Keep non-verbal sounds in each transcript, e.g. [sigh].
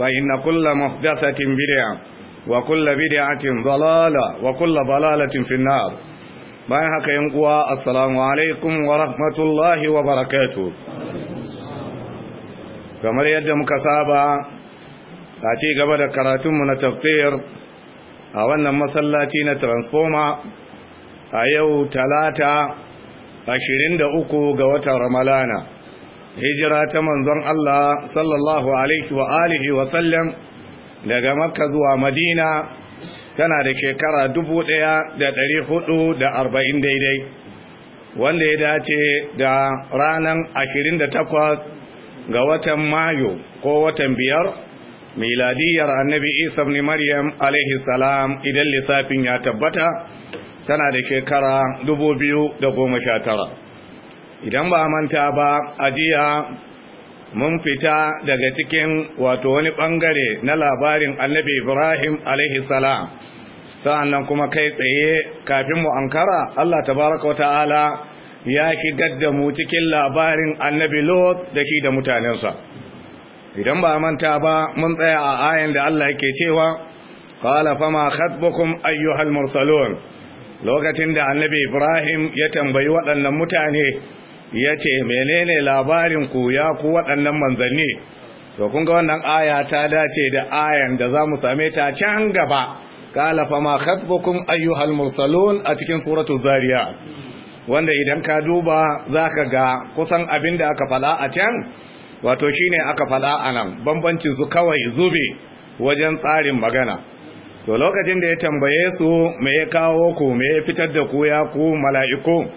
فإن kulla محدثة بدعة وكل بدعة ضلالة وكل ضلالة في النار bayan haka yan uwa assalamu alaikum wa rahmatullahi wa barakatuh kamar yadda muka saba a ci gaba da karatunmu na tafsir a wannan masallaci na transformer a yau talata uku ga watan ramalana hijira ta manzon Allah sallallahu alaihi wa alihi wa sallam daga makka zuwa madina tana da shekara 1440 daidai wanda ya dace da ranar 28 ga watan mayu ko watan biyar miladiyar annabi isa ibn maryam alaihi salam idan lissafin ya tabbata tana da shekara 2019 idan ba manta ba a jiya mun fita daga cikin wato wani bangare na labarin annabi ibrahim alaihi salam sa'annan kuma kai tsaye kafin mu ankara allah tabaraka wa ta'ala ya shigar da mu cikin labarin annabi lot da shi da mutanensa idan ba manta ba mun tsaya a ayan da allah yake cewa qala fama khatbukum ayyuhal mursalun lokacin da annabi ibrahim ya tambayi waɗannan mutane ya ce menene labarin ku ya ku waɗannan manzanni to kun ga wannan aya ta dace da ayan da za mu same ta can gaba kala fa ma khatbukum ayyuhal mursalun a cikin suratul zariyat wanda idan ka duba zaka ga kusan abin da aka fala a can wato shine aka fala anan nan su kawai zube wajen tsarin magana to lokacin da ya tambaye su me ya kawo ku me ya fitar da ku ya ku mala'iku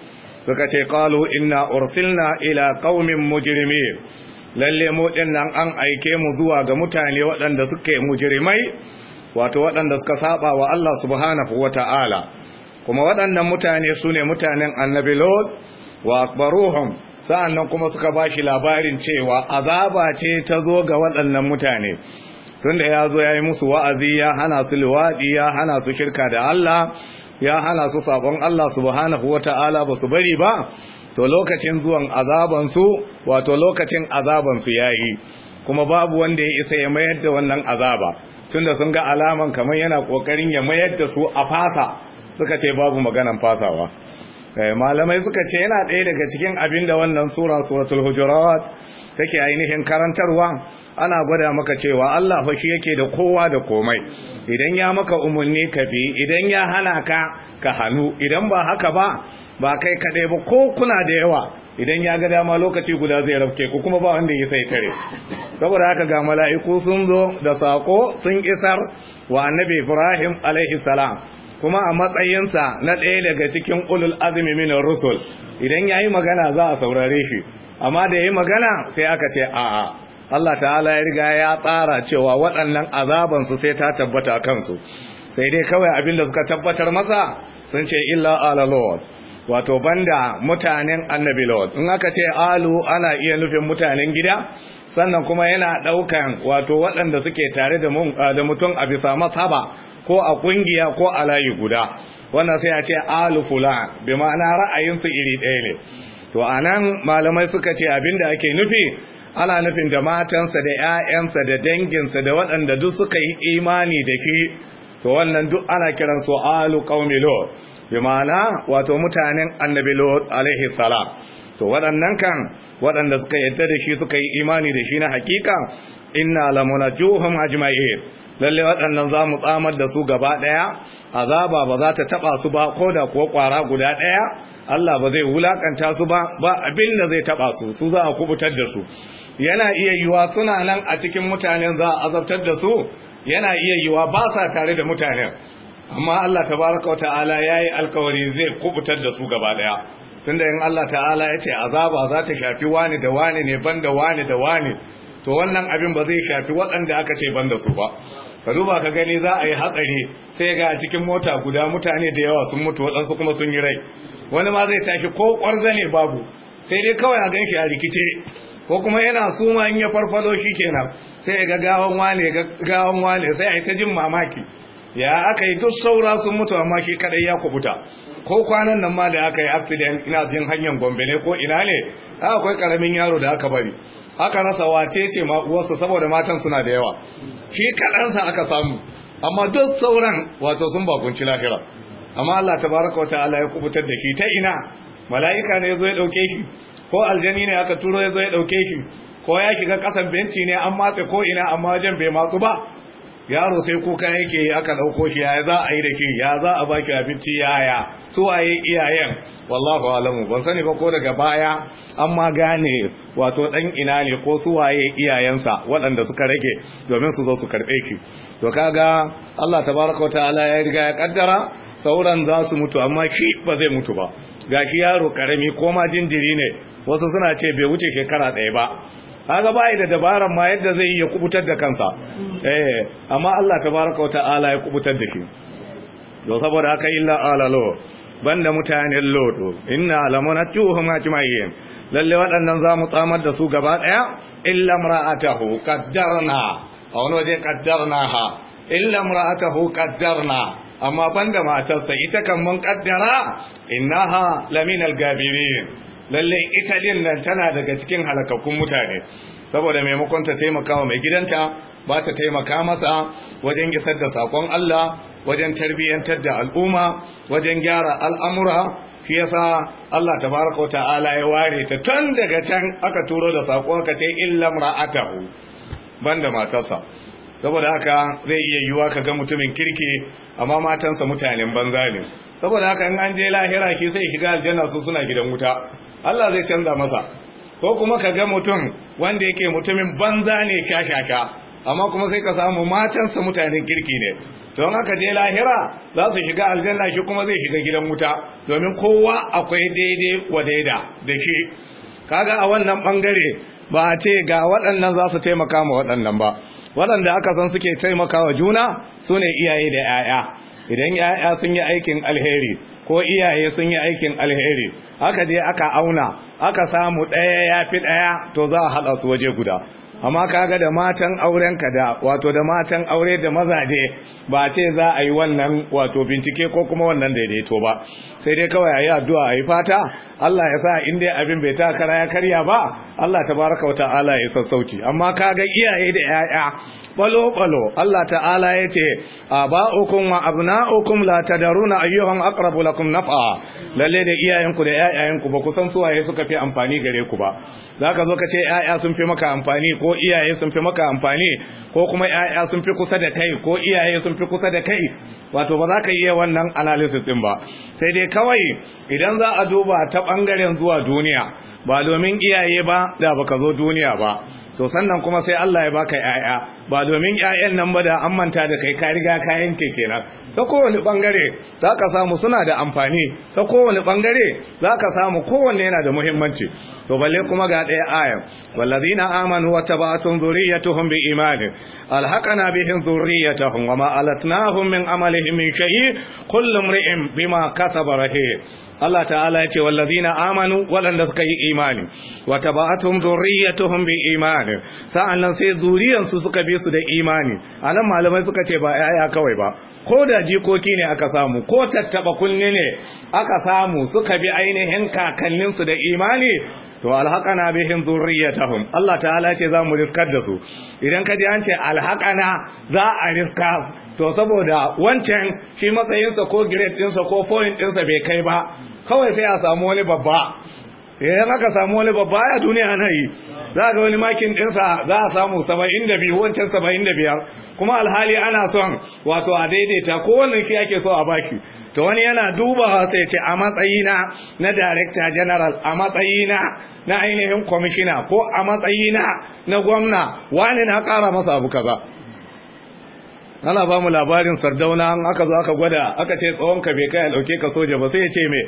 suka ce qalu inna ursilna ila qaumin mujrimin lalle mu dinnan an aike mu zuwa ga mutane waɗanda suke mujrimai wato waɗanda suka saba wa Allah subhanahu wata'ala kuma waɗannan mutane sune mutanen annabi lot wa akbaruhum nan kuma suka bashi labarin cewa azaba ce ta zo ga waɗannan mutane tunda ya zo ya yi musu wa'azi ya hana su luwaɗi ya hana su shirka da Allah ya hana su sabon Allah subhanahu wata'ala ba su bari ba to lokacin zuwan azabansu wato lokacin azabansu yayi kuma babu wanda ya isa ya mayar da wannan azaba tunda sun ga alaman kamar yana kokarin ya mayar da su a fasa suka ce babu maganan fasawa eh, malamai suka ce yana ɗaya daga cikin abinda wannan sura suratul hujurat take ainihin karantarwa ana gwada maka cewa Allah fa shi yake da kowa da komai idan ya maka umurni ka bi idan ya hana ka ka hannu idan ba haka ba ba kai kaɗai ba ko kuna da yawa idan ya ga dama lokaci guda zai rafke ku kuma ba wanda ya sai tare saboda haka ga mala'iku sun zo da sako sun isar wa annabi Ibrahim alaihi salam kuma a matsayinsa na ɗaya daga cikin ulul azumi min rusul idan yayi magana za a saurare shi amma da yayi magana sai aka ce a'a Allah ta'ala ya riga ya tsara cewa waɗannan azabansu sai ta tabbata kansu sai dai kawai abin da suka tabbatar masa sun ce illa ala lord wato banda mutanen annabi lord in aka ce alu ana iya nufin mutanen gida sannan kuma yana ɗaukan wato waɗanda suke tare da mutum a bisa masaba ko a ƙungiya ko a layi guda wannan sai a ce alu fulan bi ma'ana ra'ayinsu iri ɗaya ne to anan malamai suka ce abinda ake nufi ana nufin da matansa da 'ya'yansa da danginsa da waɗanda duk suka yi imani da shi to wannan duk ana kiran su alu qaumi lut bi ma'ana wato mutanen annabi Lo, alaihi salam to waɗannan kan waɗanda suka yadda da shi suka yi imani da shi na hakika inna juhun ajma'i lalle waɗannan za mu tsamar da su gaba ɗaya azaba ba za ta taɓa su ba ko da kuwa ƙwara guda ɗaya Allah ba zai wulakanta su ba ba abin da zai taɓa su su za a kubutar da su yana iya yiwa suna nan a cikin mutanen za a azabtar da su yana iya yiwa ba sa tare da mutanen amma Allah tabaraka wa ta'ala yayi alkawari zai kubutar da su gaba daya tunda in Allah ta'ala ya ce azaba za ta shafi wani da wani ne ban da wani da wani to wannan abin ba zai shafi waɗanda aka ce ban da su ba ka duba ka gani za a yi hatsari sai ga cikin mota guda mutane da yawa sun mutu waɗansu kuma sun yi rai wani ma zai tashi ko ƙwarza ne babu sai dai kawai a gan shi a rikice ko kuma yana suma in ya farfalo shi kenan sai ga gawan wane gawan wane sai ayi ta jin mamaki ya aka yi duk saura sun mutu amma shi kadai ya kubuta ko kwanan nan ma da aka yi accident ina jin hanyar gombe ne ko ina ne akwai karamin yaro da aka bari aka rasa wace ce ma uwarsa saboda matan suna da yawa shi kadansa aka samu amma duk sauran wato sun bakunci lahira amma Allah tabaraka wa ta'ala ya kubutar da shi ta ina mala'ika ne ya zo ya dauke shi ko aljani ne aka turo ya zo ya dauke shi ko ya shiga kasan benci ne an matse ko ina amma wajen bai matsu ba yaro sai kuka yake aka dauko shi ya za a yi da shi ya za a baki abinci yaya su waye iyayen wallahu alamu ban sani ba ko daga baya amma gane wato dan ina ne ko su waye iyayensa waɗanda suka rage domin su zo su karbe shi to kaga Allah tabaraka ta'ala ya riga ya kaddara sauran za su mutu amma shi ba zai mutu ba gashi yaro karami ko ma jinjiri ne wasu suna ce bai wuce shekara ɗaya ba haka bai da dabaran ma yadda zai iya kubutar da kansa mm. eh amma Allah tabaraka wa ta'ala ya kubutar da shi to saboda haka illa alalo banda mutanen lodo inna lamunatuhum ajma'in lalle waɗannan za mu tsamar da su gaba ɗaya illa imra'atahu qaddarna a wani waje ha illa imra'atahu qaddarna amma banda matarsa ita kan mun kaddara innaha laminal gabirin lalle ita din nan tana daga cikin halakakkun mutane saboda maimakon ta taimaka wa mai gidanta ba ta taimaka masa wajen isar da sakon Allah wajen tarbiyyantar da al'umma wajen gyara al'amura shi yasa Allah tabaraka ta'ala ya ware ta tun daga can aka turo da sako aka ce illa mar'atahu banda matarsa saboda haka zai iya yiwuwa ka ga mutumin kirki amma matansa mutanen banza ne saboda haka in an je lahira shi sai shiga aljanna su suna gidan wuta Allah zai canza masa ko kuma ka ga mutum wanda yake mutumin banza ne shashaka amma kuma sai ka samu matansa mutanen kirki ne Don haka je lahira za su shiga aljanna shi kuma zai shiga gidan wuta domin kowa akwai daidai wadaida da shi kaga a wannan bangare ba a ce ga waɗannan za su taimaka ma waɗannan ba waɗanda aka san suke taimakawa juna su ne iyaye da 'ya'ya idan 'ya'ya sun yi aikin alheri ko iyaye sun yi aikin alheri aka je aka auna aka samu ɗaya ya fi ɗaya to za a haɗa su waje guda amma kaga da matan aurenka da wato da matan aure da mazaje ba ce za a yi wannan wato bincike ko kuma wannan daidaito ba sai dai kawai ayi addu'a ayi fata Allah ya sa in dai abin bai takara ya karya ba Allah tabaraka wa ta'ala ya sassauci amma kaga iyaye da yaya balo balo Allah ta'ala ya ce aba'ukum wa abna'ukum la tadaruna ayyuhum aqrabu lakum naf'a lalle da iyayenku da yayayenku ba ku san suwaye suka fi amfani gare ku ba zaka zo ka ce yaya sun fi maka amfani ko ko iyaye sun fi maka amfani ko kuma yaya sun fi kusa da kai ko iyaye sun fi kusa da kai wato ba za ka iya wannan analysis din ba sai dai kawai idan za a duba ta bangaren zuwa duniya ba domin iyaye ba da baka zo duniya ba to sannan kuma sai Allah ya baka yaya ba domin yayan nan ba da an manta da kai ka riga ka yanke kenan ta kowane bangare za ka samu suna da amfani ta kowane bangare za ka samu kowane yana da muhimmanci to balle kuma ga ɗaya ayan wallazina amanu wa tabatun zuriyatuhum bi imanin alhaqana bihim zuriyatuhum wa ma alatnahum min amalihim min kullu imrin bima kasaba rahim Allah ta'ala ya ce wallazina amanu waɗanda suka yi imani wa tabatum zurriyatuhum bi imani sa'annan sai zuriyansu suka bi su da imani anan malamai suka ce ba yaya kawai ba ko da jikoki ne aka samu ko tattaba kunne ne aka samu suka bi ainihin kakanninsu da imani to alhaqana bihim dhurriyyatahum Allah ta'ala ce za mu riskar da su idan ka ji an ce alhaqana za a riska to saboda wancan shi matsayinsa ko grade ɗinsa ko point ɗinsa bai kai ba kawai sai a samu wani babba idan aka samu wani babba a duniya ana yi za ga wani makin ɗinsa za a samu saba'in wancan saba'in biyar kuma alhali ana son wato a daidaita ko wannan shi ake so a baki to wani yana dubawa sai ce a matsayina na director general a matsayina na ainihin kwamishina ko a matsayina na gwamna wani na ƙara masa abu ba. ana ba mu labarin sardauna an aka zo aka gwada aka ce ka bai kai ya ɗauke ka soja ba sai ya ce me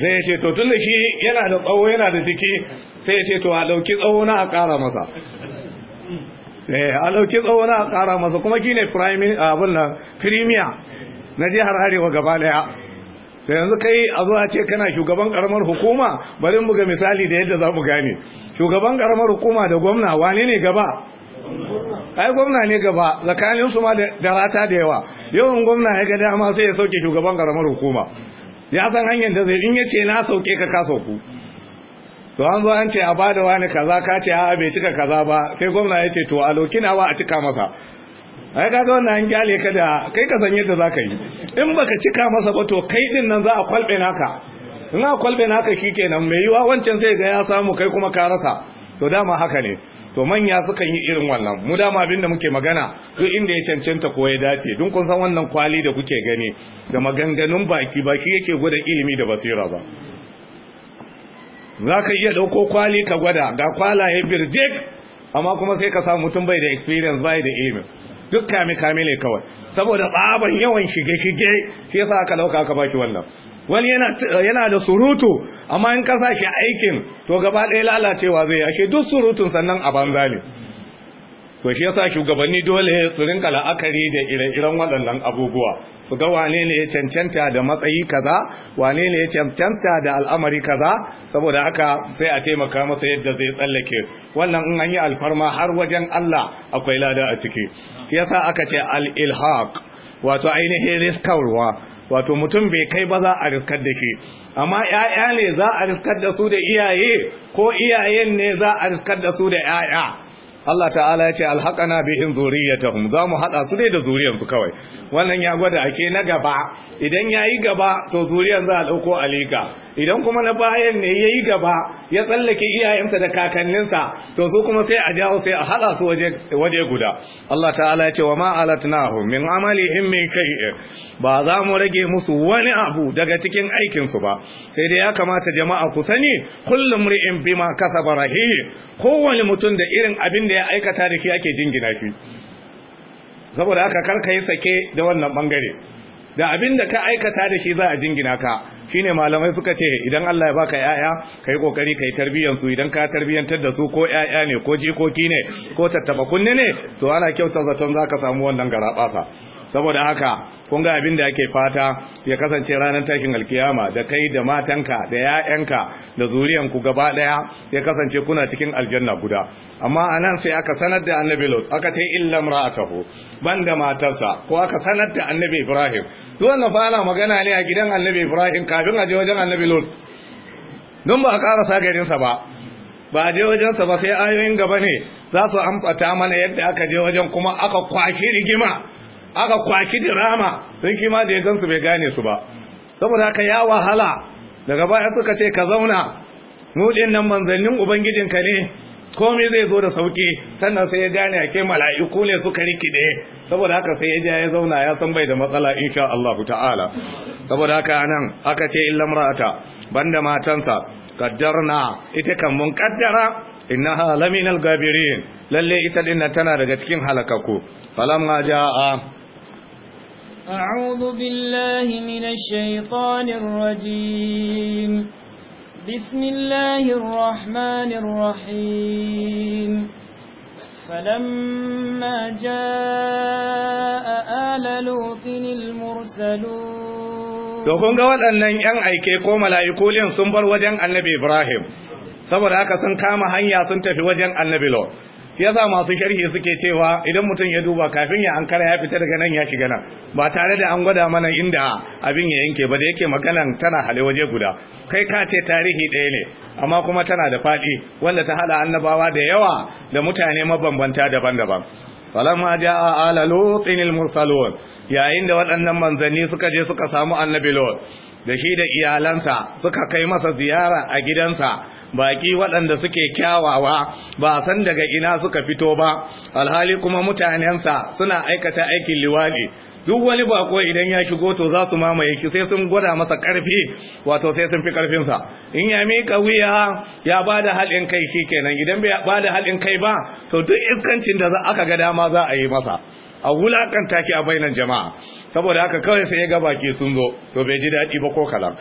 zai ya ce to tun da shi yana da tsawo yana da jiki sai ya ce to a ɗauki tsawo na a ƙara masa eh, a ɗauki tsawo na a ƙara masa kuma shi ne abin nan firimiya na jihar arewa gaba ɗaya da yanzu kai a zuwa ce kana shugaban karamar hukuma bari mu ga misali da yadda za mu gane shugaban karamar hukuma da gwamna wane ne gaba ai gwamna ne gaba tsakanin su ma da rata da yawa yawan gwamna ya ga dama sai ya sauke shugaban karamar hukuma ya san hanyar da zai in yace ce na sauke ka ka sauku to an zo an ce a bada wani kaza ka ce a bai cika kaza ba sai gwamna ya ce to a na wa a cika masa ai ka ga wannan an gyale ka da kai ka san yadda zaka yi in baka cika masa ba to kai din nan za a kwalbe naka in a kwalbe naka shikenan mai yiwa wancan zai ga ya samu kai kuma ka rasa to dama haka ne to manya sukan yi irin wannan mu dama da muke magana duk inda ya cancanta ko ya dace duk kun san wannan kwali da kuke gani da maganganun baki baki yake gwada ilimi da basira ba za ka iya ɗauko kwali ka gwada ga kwalaye birjik amma kuma sai ka samu mutum bai da experience bai da ilimi. duk kame kame ne kawai saboda tsaban yawan shige shige shi yasa aka dauka aka baki wannan wani yana da surutu amma in ka shi aikin to gaba ɗaya lalacewa zai ashe duk surutun sannan a banza ne to shi yasa shugabanni dole su rinka la'akari da ire-iren waɗannan abubuwa su ga wane ne ya cancanta da matsayi kaza wane ne ya cancanta da al'amari kaza saboda haka sai a taimaka masa yadda zai tsallake wannan in an yi alfarma har wajen Allah akwai lada a ciki shi yasa aka ce al-ilhaq wato ainihin riskarwa wato mutum bai kai ba za a riskar da shi amma ‘ya'ya ne za a riskar da su da iyaye ko iyayen ne za a riskar da su da ‘ya'ya Allah ta'ala ya ce alhaqana bihim zuriyatahum za mu haɗa su dai da zuriyarsu kawai wannan ya gwada ake na gaba idan yayi gaba to zuriyar za a dauko alika idan kuma na bayan ne ya yi gaba ya tsallake iyayensa da kakanninsa to su kuma sai a jawo sai a haɗa su waje guda Allah ta'ala ya ce wa ma'alatnahu min in min kai ba za mu rage musu wani abu daga cikin aikinsu ba sai dai ya kamata jama'a ku sani kullum ri'in bima kasaba rahim kowane mutum da irin abin da ya aikata da shi ake jingina shi saboda haka karka yi sake da wannan bangare da abin da ka aikata da shi za a jingina ka shine malamai suka ce idan Allah ya baka yaya kai kokari kai tarbiyyar su idan ka tarbiyantar da su ko yaya ne ko jikoki ne ko tattaba kunne ne to ana kyautar zaton zaka samu wannan garabasa saboda haka kun ga abin da ake fata ya kasance ranar takin alkiyama da kai da matanka da ya'yanka da zuriyan ku gaba daya ya kasance kuna cikin aljanna guda amma a nan sai aka sanar da annabi lot aka ce illa imra'atahu banda matarsa ko aka sanar da annabi ibrahim to wannan fa ana magana ne a gidan annabi ibrahim kafin a je wajen annabi lot don ba a karasa garinsa ba ba a je wajensa ba sai ayoyin gaba ne za su amfata mana yadda aka je wajen kuma aka kwashi rigima aka kwaki dirama don kima da ya gansu bai gane su ba saboda haka ya wahala daga baya suka ce ka zauna nudin nan manzannin ubangijinka ne komai zai zo da sauki sannan sai ya gane a ke mala'iku ne suka rikide saboda haka sai ya ja ya zauna ya san bai da matsala insha Allah ta'ala saboda haka nan aka ce illa mar'ata banda matansa kaddarna ita kan mun kaddara innaha laminal gabirin lalle ita din tana daga cikin halakaku falamma jaa أعوذ بالله من الشيطان الرجيم بسم الله الرحمن الرحيم فلما جاء آل لوط المرسلون to kun ga waɗannan 'yan aike ko mala'ikulin sun bar wajen annabi Ibrahim saboda haka sun kama hanya sun tafi wajen annabi Lot yasa masu sharhi suke cewa idan mutum ya duba kafin ya ankara ya fita daga nan ya shiga nan ba tare da an gwada mana inda abin ya yanke ba da yake maganan tana hale waje guda kai ka ce tarihi ɗaya ne amma kuma tana da faɗi wanda ta hada annabawa da yawa da mutane mabambanta daban-daban falamma jaa ala lutin al-mursalun yayin da waɗannan manzanni suka je suka samu annabi lot da shi da iyalansa suka kai masa ziyara a gidansa baki waɗanda suke kyawawa ba san daga ina suka fito ba alhali kuma mutanensa suna aikata aikin liwali duk wani bako idan ya shigo to za su mamaye shi sai sun gwada masa ƙarfi wato sai sun fi karfinsa in ya mika wuya ya ba da haɗin kai shi kenan idan bai ba da haɗin kai ba to duk iskancin da aka ga dama za a yi masa a wulakanta ki a bainar jama'a saboda haka kawai sai ya ga baki sun zo to bai ji daɗi ba ko kalam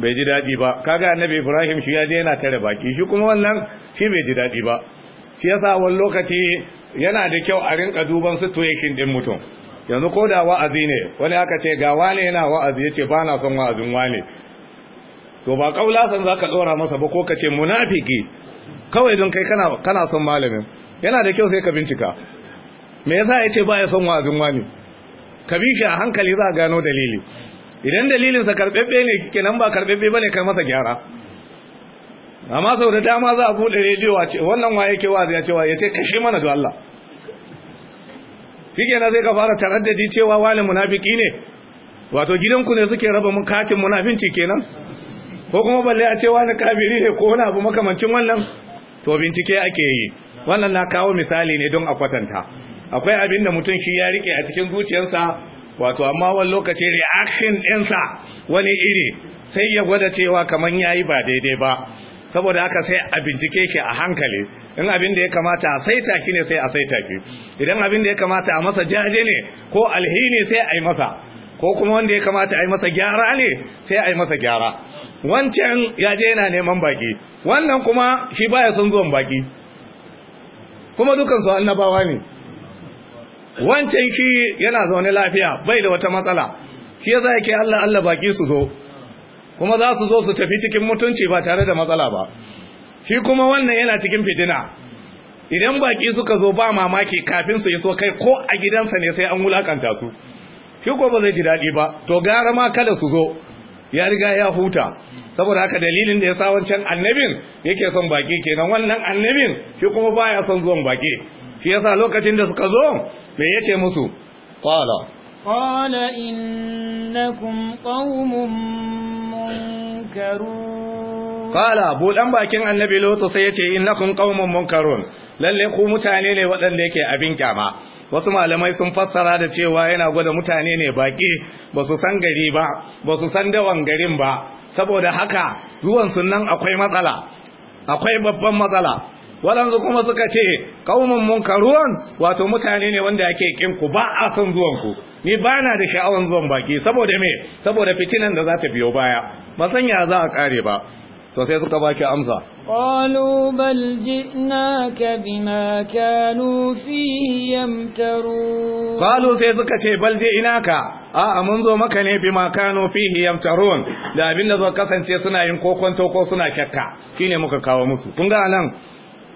bai ji daɗi ba kaga annabi ibrahim shi ya je yana tare baki shi kuma wannan shi bai ji daɗi ba shi yasa wani lokaci yana da kyau a rinka duban situation din mutum yanzu ko da wa'azi ne wani aka ce ga wani yana wa'azi yace ba na son wa'azin wani. to ba kaula san zaka dora masa ba ko kace munafiki kawai don kai kana kana son malamin yana da kyau sai ka bincika me yasa yace ba ya son wa'azin wani? ka bi shi a hankali za a gano dalili idan dalilinsa karɓaɓɓe ne kenan ba karɓaɓɓe ba ne kai masa gyara amma sau da dama za a buɗe rediyo a ce wannan wa ke wa ya cewa ya ce kashe mana da Allah shi kenan zai ka fara taraddadi cewa wani munafiki ne wato gidanku ne suke raba mun katin munafinci kenan ko kuma balle a ce wani kafiri ne ko wani abu makamancin wannan to bincike ake yi wannan na kawo misali ne don a kwatanta akwai abin da mutum shi ya rike a cikin zuciyarsa wato amma wani lokaci reaction ɗinsa wani iri sai ya gwada cewa kamar ya yi ba daidai ba saboda haka sai a bincike ki a hankali in abin da ya kamata a saita ki ne sai a saita ki idan abin da ya kamata a masa jaje ne ko alhini sai a yi masa ko kuma wanda ya kamata a yi masa gyara ne sai a yi masa gyara wancan ya je yana neman baki wannan kuma shi baya son zuwan baki kuma dukansu annabawa ne wancan shi yana zaune lafiya bai da wata matsala shi yasa yake Allah Allah baki su zo kuma za su zo su tafi cikin mutunci ba tare da matsala ba shi kuma wannan yana cikin fitina idan baki suka zo ba mamaki kafin su iso kai ko a gidansa ne sai an wulakanta su shi ko ba zai ji daɗi ba to gara ma kada su zo ya riga ya huta saboda haka dalilin da ya sa wancan annabin yake son baki kenan wannan annabin shi kuma baya son zuwan baki shi yasa lokacin da suka zo me yace musu qala قال إنكم قوم منكرون قال بودن bakin annabi lotu sai yace innakum قوم منكرون Lallai ko mutane ne waɗanda yake abin kyama wasu malamai sun fassara da cewa yana gwada mutane ne baki ba su san gari ba ba su san dawan garin ba saboda haka zuwan sunan akwai matsala akwai babban matsala waɗansu kuma suka ce ƙaunin munkaruwan wato mutane ne wanda ake kin ku ba a son zuwanku. ni ba na da sha'awan zuwan baki saboda me saboda fitinan da za ta biyo baya ba ya za a kare ba to sai suka baki amsa qalu bal ji'naka bima kanu fi yamtaru qalu sai suka ce bal ji'naka a'a mun zo maka ne bima kanu fihi yamtarun da abin da zo kasance suna yin kokonto ko suna shakka shine muka kawo musu kun ga nan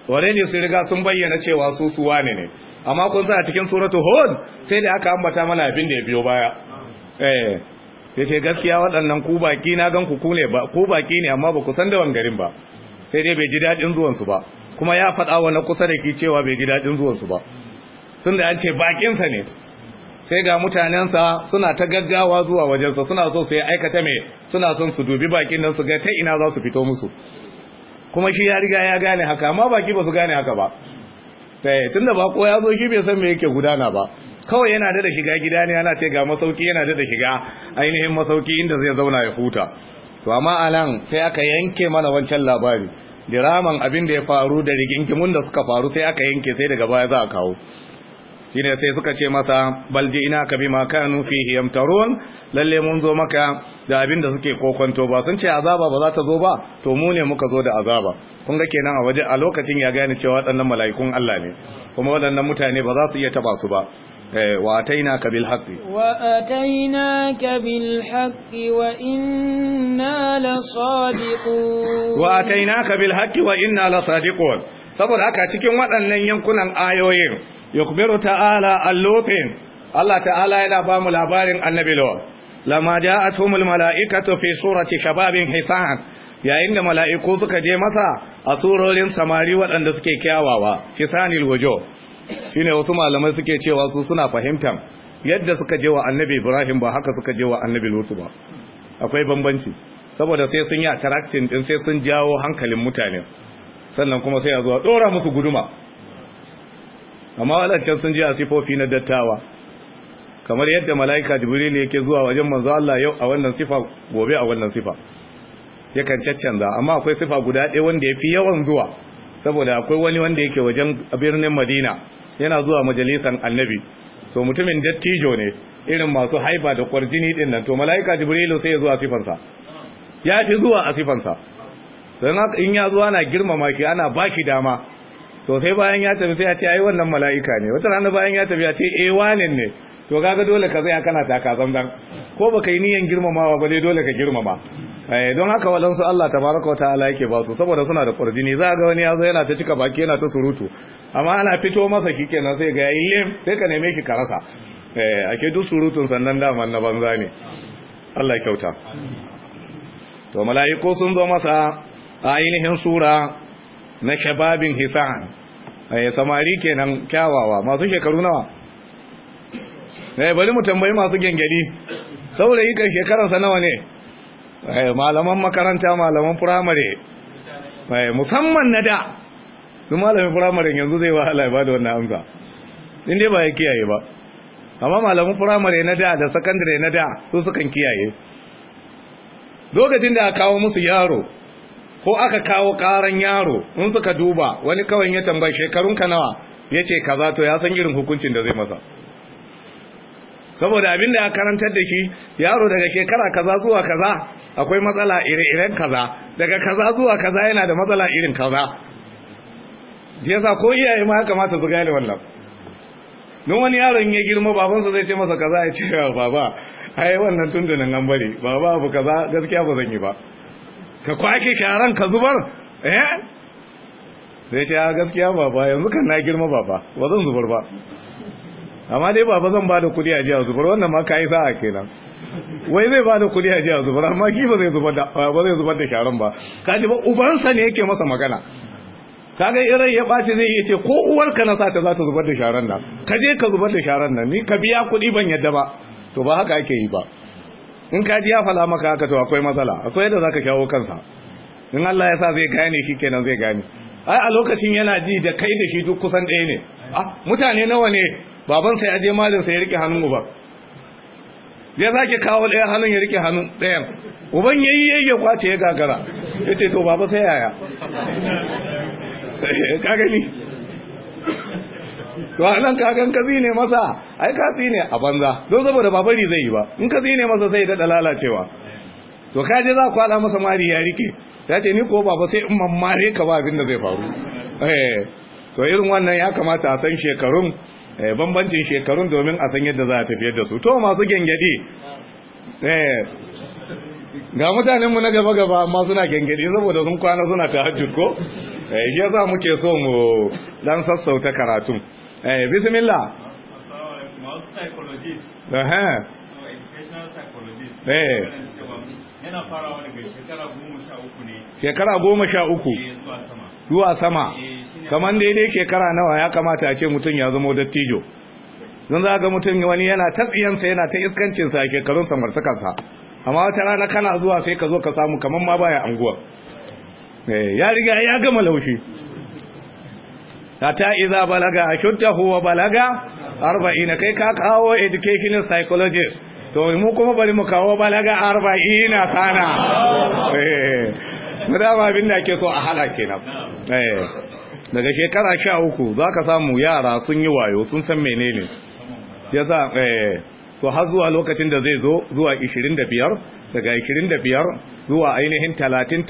Wanene ne su riga sun bayyana cewa su su ne ne amma kun sa a cikin suratu hud sai da aka ambata mana abin da ya biyo baya eh yace gaskiya waɗannan ku baki na gan ku kune ba ku baki ne amma ba ku san da wangarin ba sai dai bai ji dadin zuwan su ba kuma ya faɗawa wa na kusa da ki cewa bai ji dadin zuwan su ba tunda an ce bakin sa ne sai ga mutanensa suna ta gaggawa zuwa wajensa suna so su yi aikata mai suna son su dubi bakin nan su ga ta ina za su fito musu kuma shi ya riga ya gane haka amma baki ba su gane haka ba eh, tunda ko ya zo shi bai san me yake gudana ba kawai yana da shiga gida ne yana ce ga masauki yana da shiga ainihin masauki inda zai zauna ya huta to amma anan sai aka yanke mana wancan labari diraman abin da ya faru da rigingimun da suka faru sai aka yanke sai daga baya za a kawo shine sai suka ce masa bal ina ka bima kanu fihi yamtarun lalle mun zo maka da abin da suke kokonto ba sun ce azaba ba za ta zo ba to mu ne muka zo da azaba kun ga kenan a waje a lokacin ya gane cewa waɗannan mala'ikun Allah ne kuma waɗannan mutane ba za su iya taba su ba eh, wa واتيناك بالحق واتيناك بالحق وإنا لصادقون wa بالحق وإنا لصادقون saboda haka cikin waɗannan yankunan ayoyin yukbiru ta'ala al Allah ta'ala yana ba mu labarin annabi a lamma ja'atuhumul mala'ikatu fi surati shababin hisan yayin da mala'iku suka je masa a surorin samari waɗanda suke kyawawa hisanil wujo shine wasu malamai suke cewa su suna fahimtar yadda suka je wa annabi Ibrahim ba haka suka je wa annabi Lutu ba akwai bambanci saboda sai sun yi attracting din sai sun jawo hankalin mutane sannan kuma sai a zuwa dora musu guduma amma wadancan sun ji a sifofi na dattawa kamar yadda mala'ika ne yake zuwa wajen manzo Allah yau a wannan sifa gobe a wannan sifa yakan caccanza amma akwai sifa guda ɗaya wanda ya fi yawan zuwa saboda akwai wani wanda yake wajen birnin Madina yana zuwa majalisan Annabi to mutumin dattijo ne irin masu haiba da kwarjini dinnan nan to mala'ika jibrilu sai ya zuwa sifansa ya fi zuwa a sifansa don haka in ya zo ana girmama ki ana baki dama sosai bayan ya tafi sai a ce ai wannan mala'ika ne wata rana bayan ya tafi a ce eh wanen ne to kaga dole ka tsaya kana taka zanzan ko baka yi niyan girmamawa ba dai dole ka girmama eh, don haka su Allah tabaraka wa ta'ala yake ba su saboda suna da kurdini za ga wani yazo yana ta cika baki yana ta surutu amma ana fito masa kikenan sai ga yayi lim sai ka neme ki ka rasa eh ake duk surutun sannan da na banza ne Allah ya kyauta to mala'iku sun zo masa ainihin sura na shababin hisan ai eh, samari kenan kyawawa masu shekaru nawa eh bari mu tambayi masu gengedi saurayi kan sa nawa ne eh, malaman makaranta malaman primary eh musamman na da duk malamin primary yanzu zai wahala ba bada wannan amsa in dai ba ya kiyaye ba amma malamin primary na da da secondary na da su sukan kiyaye lokacin da aka kawo musu yaro ko aka kawo karan yaro in suka duba wani kawai ya tambayi shekarunka nawa ya ce kaza to ya san irin hukuncin da zai masa saboda abin da ya karantar da shi yaro daga shekara kaza zuwa kaza akwai matsala ire-iren kaza daga kaza zuwa kaza yana da matsala irin kaza yasa ko iyaye ma ya kamata su gane wannan don wani yaron ya girma babansa zai ce masa kaza ya ce baba ai wannan tundunan an bari baba abu kaza gaskiya ba zan yi ba ka kwake sharan ka zubar eh zai ce a gaskiya baba yanzu kan na girma baba ba zan zubar ba amma dai baba zan ba da kudi a jiya zubar wannan ma ka yi sa'a kenan wai zai ba da kudi a jiya zubar amma ki ba zai zubar da sharan ba kaji ba ubansa ne yake masa magana kaga irin ya ɓace zai iya ce ko uwarka na sa ta za ta zubar da sharan nan ka je ka zubar da sharan nan ni ka biya kuɗi ban yadda ba to ba haka ake yi ba in ka ji ya fala maka haka to akwai matsala akwai yadda zaka kyawo kansa in Allah ya sa zai gane shi kenan zai gane ai a lokacin yana ji da kai da shi duk kusan ɗaya ne mutane nawa ne baban sai je malin sai ya rike hannun uba ya sake kawo ɗaya hannun ya rike hannun ɗayan uban yayi yayi kwace ya gagara yace to baba sai yaya [laughs] ka gani to anan ka gan ka zine masa ai ka zine a banza don saboda ba bari zai yi ba in ka zine masa sai da lalacewa to ka je za ku ala masa mari ya rike ya ce ni ko baba sai in mamare ka ba abin da zai faru eh to irin wannan ya kamata a san shekarun eh, bambancin shekarun domin a san yadda za a tafiyar da su to masu gengedi eh ga mutanen mu na gaba gaba amma suna gengedi saboda sun kwana suna tahajjud ko eh shi yasa muke so mu dan sassauta karatun eh bismillah masu psychologist yana shekara goma sha uku ne zuwa sama kamar daidai shekara nawa ya kamata a ce mutum ya zama dattijo Zan za ga mutum wani yana ta yana ta iskancinsa a shekarun samartakarsa amma wata rana kana zuwa sai ka zo ka samu kamar ma baya anguwa eh, ya riga ya gama laushi hatta iza balaga ashuddahu huwa balaga arba'ina kai ka kawo educational psychologist to mu kuma bari mu kawo balaga arba'ina sana mu eh, dama abin da ake so a hada kenan eh, daga shekara sha uku za ka samu yara sun yi wayo sun san menene ya sa eh, to har zuwa lokacin da zai zo zuwa 25 daga 25 zuwa ainihin 30 35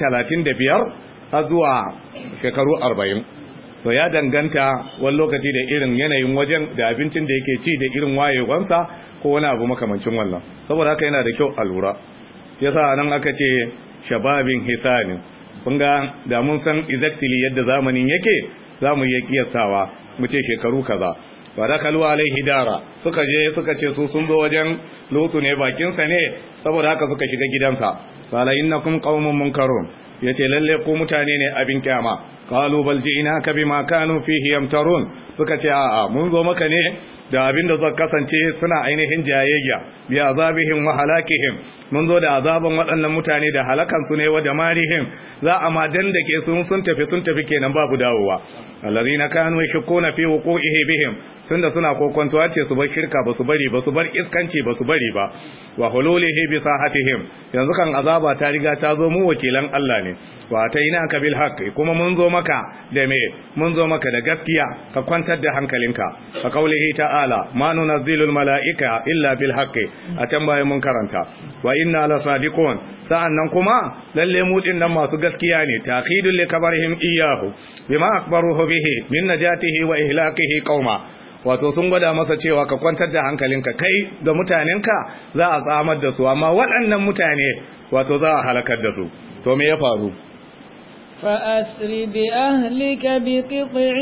har zuwa shekaru 40 to ya danganta wani lokaci da irin yanayin wajen da abincin da yake ci da irin wayewansa ko wani abu makamancin wannan saboda haka yana da kyau a lura yasa nan aka ce shababin hisanin kunga da mun san exactly yadda zamanin yake za mu iya kiyasawa mu ce shekaru kaza wa dakalu alaihi dara suka je suka ce su sun zo wajen lutu ne bakinsa ne saboda haka suka shiga gidansa qala innakum qaumun munkarun yace lalle ku mutane ne abin kyama qalu bal bi ma kanu fihi yamtarun suka ce a'a mun zo maka ne da abin da zai kasance suna ainihin jayayya bi azabihim wa halakihim mun zo da azaban waɗannan mutane da halakan su ne wa da marihim za a da ke sun sun tafi sun tafi kenan babu dawowa allazina kanu yashkuna fi wuqu'ihi bihim tunda suna kokonto ce su bar shirka ba su bari ba su bar iskanci ba su bari ba wa hululihi bi sahatihim yanzu kan azaba ta riga ta zo mu wakilan Allah ne wa ka bil haqqi kuma mun zo maka da me mun zo maka da gaskiya ka kwantar da hankalinka fa qaulihi ta'ala ma nunazzilul malaika illa bil haqqi a can bayan mun karanta wa inna la sadiqun sa'annan kuma lalle mu din nan masu gaskiya ne taqidul li kabarihim iyyahu bima akbaruhu bihi min najatihi wa ihlakihi qauma wato sun gwada masa cewa ka kwantar da hankalinka kai da mutanenka za a tsamar da su amma waɗannan mutane wato za a halakar da su to me ya faru فأسر بأهلك بقطع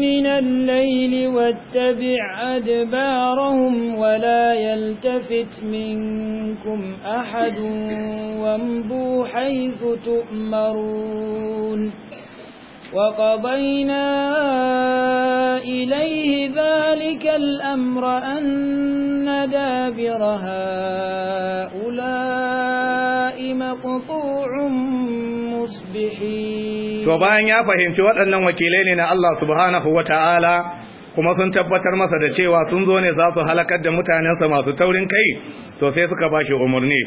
من الليل واتبع أدبارهم ولا يلتفت منكم أحد وامضوا حيث تؤمرون وقضينا إليه ذلك الأمر أن دابر هؤلاء مقطوع musbihin to bayan ya fahimci waɗannan wakilai ne na Allah subhanahu wata'ala kuma sun tabbatar masa da cewa sun zo ne za su halakar da mutanensa masu taurin kai to sai suka ba shi umarni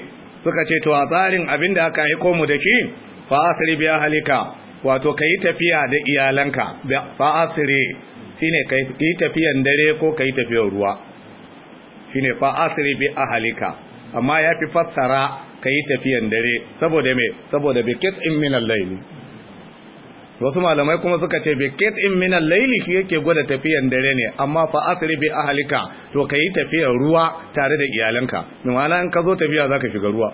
suka ce to a tsarin abin da aka yi komu da shi fa asiri biya halika wato ka yi tafiya da iyalanka fa asiri shine ka yi tafiyan dare ko ka yi tafiyan ruwa shine fa asiri bi ahalika amma ya fi fassara ka yi tafiyan dare saboda me saboda bikit in minan laili wasu malamai kuma suka ce bikit in minan laili shi yake gwada tafiyan dare ne amma fa asiri bi ahalika to ka yi tafiyan ruwa tare da iyalanka mimana in ka zo tafiya za ka shiga ruwa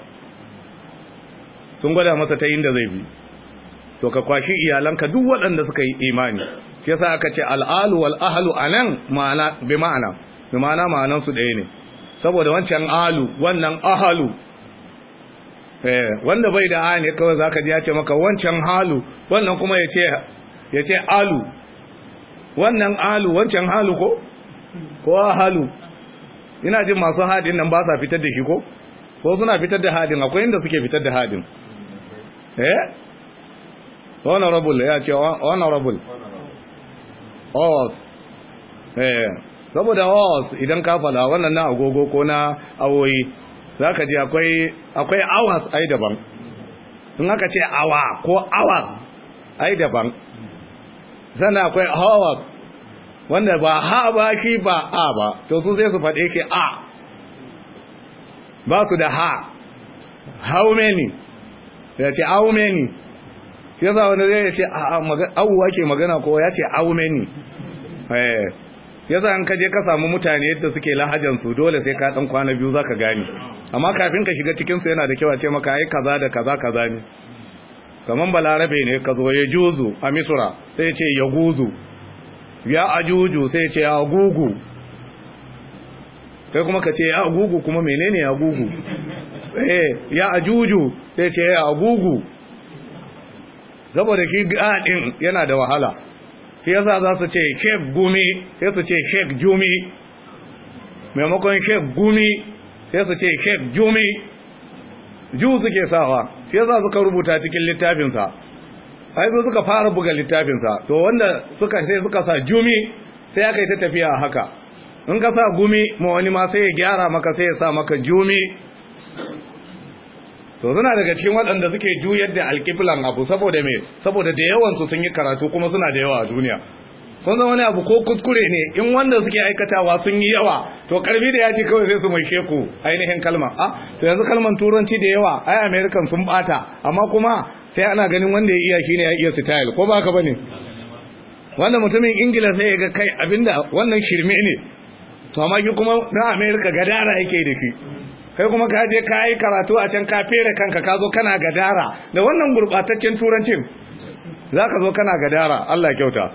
sun gwada masa ta inda zai bi to ka kwashi iyalanka duk waɗanda suka yi imani shi yasa aka ce al'alu wal ahlu anan ma'ana bi ma'ana bi ma'ana ma'anan su ɗaya ne saboda wancan alu wannan ahalu Eh, wanda bai da a ne kawai zaka ji ya ce maka wancan halu wannan kuma ya ce alu wannan alu wancan halu ko ko halu ina jin masu hadin nan ba sa fitar da shi ko ko suna fitar da hadin akwai inda suke fitar da hadin eh honorable ya ce honorable os eh saboda os idan ka wannan na agogo ko na awoyi za ka ji akwai hours ai daban in aka ce awa ko awa ai daban sannan akwai hour wanda ba ha ba shi ba a ba to su sai su faɗe ke a ba su da ha how many ya ce how many shi za wani zai ce awu ke magana ko ya ce how many eh. yasa an kaje ka samu mutane yadda suke lahajan su dole sai ka dan kwana biyu zaka gane amma kafin ka shiga cikin su yana da kyau a ce maka ai kaza da kaza kaza ne kaman balarabe ne ka zo ya juzu a misra sai ce ya guzu ya ajuju sai ce ya gugu kai kuma ka ce ya gugu kuma menene ya gugu eh ya ajuju sai ce ya gugu saboda ki gadin yana da wahala yasa za su ce shek gumi sai su ce shek jumi maimakon shek gumi sai su ce shek jumi ju suke sawa shi yasa suka rubuta cikin littafinsa ai su suka fara buga littafinsa to wanda suka sai suka sa jumi sai aka yi ta tafiya haka in ka sa gumi ma wani ma sai ya gyara maka sai ya sa maka jumi to suna daga cikin waɗanda suke juyar da alƙiblan abu saboda mai saboda da yawansu sun yi karatu kuma suna da yawa a duniya kun zama wani abu ko kuskure ne in wanda suke aikatawa sun yi yawa to karbi da ya ce kawai sai su mai sheku ainihin kalma a ah, to yanzu kalman turanci da yawa ai american sun bata amma kuma sai ana ganin wanda ya iya ne ya iya style ko ba ka ba ne? Wanda mutumin ingila sai ya ga kai abinda wannan shirme ne to amma ki kuma na america gadara yake da shi kai kuma ka je ka yi karatu a can ka fere kanka ka zo kana gadara da wannan gurbataccen turancin za ka zo kana gadara Allah kyauta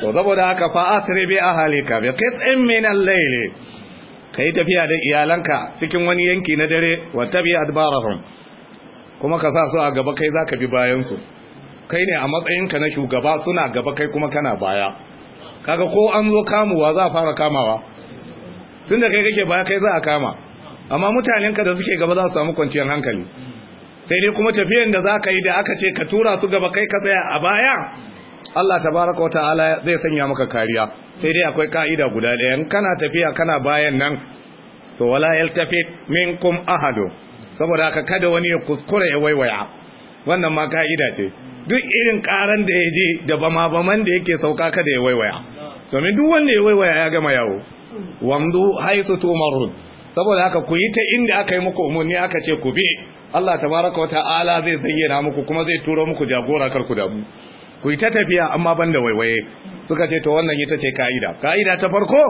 to saboda haka fa asri bi ahalika bi qit'in min al-layl kai tafiya da iyalanka cikin wani yanki na dare wa tabi adbarahum kuma ka sa su a gaba kai za ka bi bayan su kai ne a matsayinka na shugaba suna gaba kai kuma kana baya kaga ko an zo kamuwa za a fara kamawa tunda kai kake baya kai za a kama amma mutanen ka da suke gaba za su samu kwanciyar hankali sai dai kuma tafiyan da za ka yi da aka ce ka tura su gaba kai ka tsaya a baya Allah ta baraka wa ta'ala zai sanya maka kariya sai dai akwai ka'ida guda ɗaya kana tafiya kana bayan nan to wala yaltafit minkum ahadu saboda ka kada wani ya kuskura ya waiwaya wannan ma ka'ida ce duk irin karan da ya je da bama baman da yake sauka kada ya waiwaya domin duk wanda ya waiwaya ya gama yawo wamdu haisu tumarud saboda haka ku yi ta inda aka yi muku umarni aka ce ku bi Allah tabaraka wa ta'ala zai zayyana muku kuma zai turo muku jagora kar ku damu ku yi ta tafiya amma banda waiwaye suka ce to wannan ita ce ka'ida ka'ida ta farko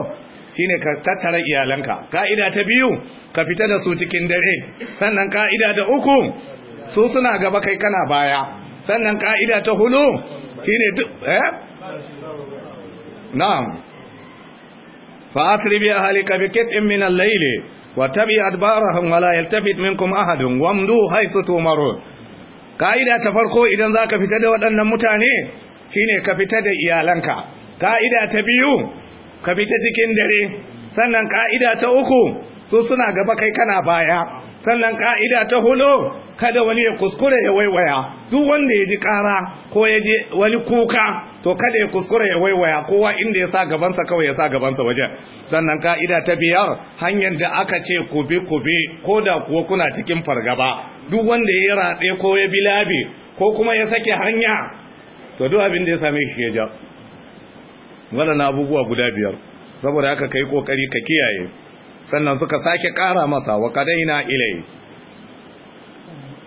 shine ka tattara iyalanka ka'ida ta biyu ka fita da su cikin dare sannan ka'ida ta uku su suna gaba kai kana baya sannan ka'ida ta hudu shine duk eh na'am فأسر بأهلك بكتء من الليل وتبي أدبارهم ولا يلتفت منكم أحد وامضوا حيث تؤمرون قاعدة تفرقوا إذا ذاك في تدى ودن متاني شيني كفتد إيالنك قاعدة تبيو كفتد كندري سنن ka'ida ta uku su suna gaba kai kana baya sannan ka'ida ta hulo kada wani ya kuskure ya waiwaya duk wanda ya ji kara ko ya ji wani kuka to kada ya kuskure ya waiwaya kowa inda ya sa gabansa kawai ya sa gabansa waje. sannan ka'ida ta biyar hanyar da aka ce ku bi ko da kuwa kuna cikin fargaba duk wanda ya yi ratse ko ya bi labi ko kuma ya sake hanya to duk abin da ya same shi ya ja wannan abubuwa guda biyar saboda haka kai kokari ka kiyaye sannan suka sake ƙara masa wa kadaina ilai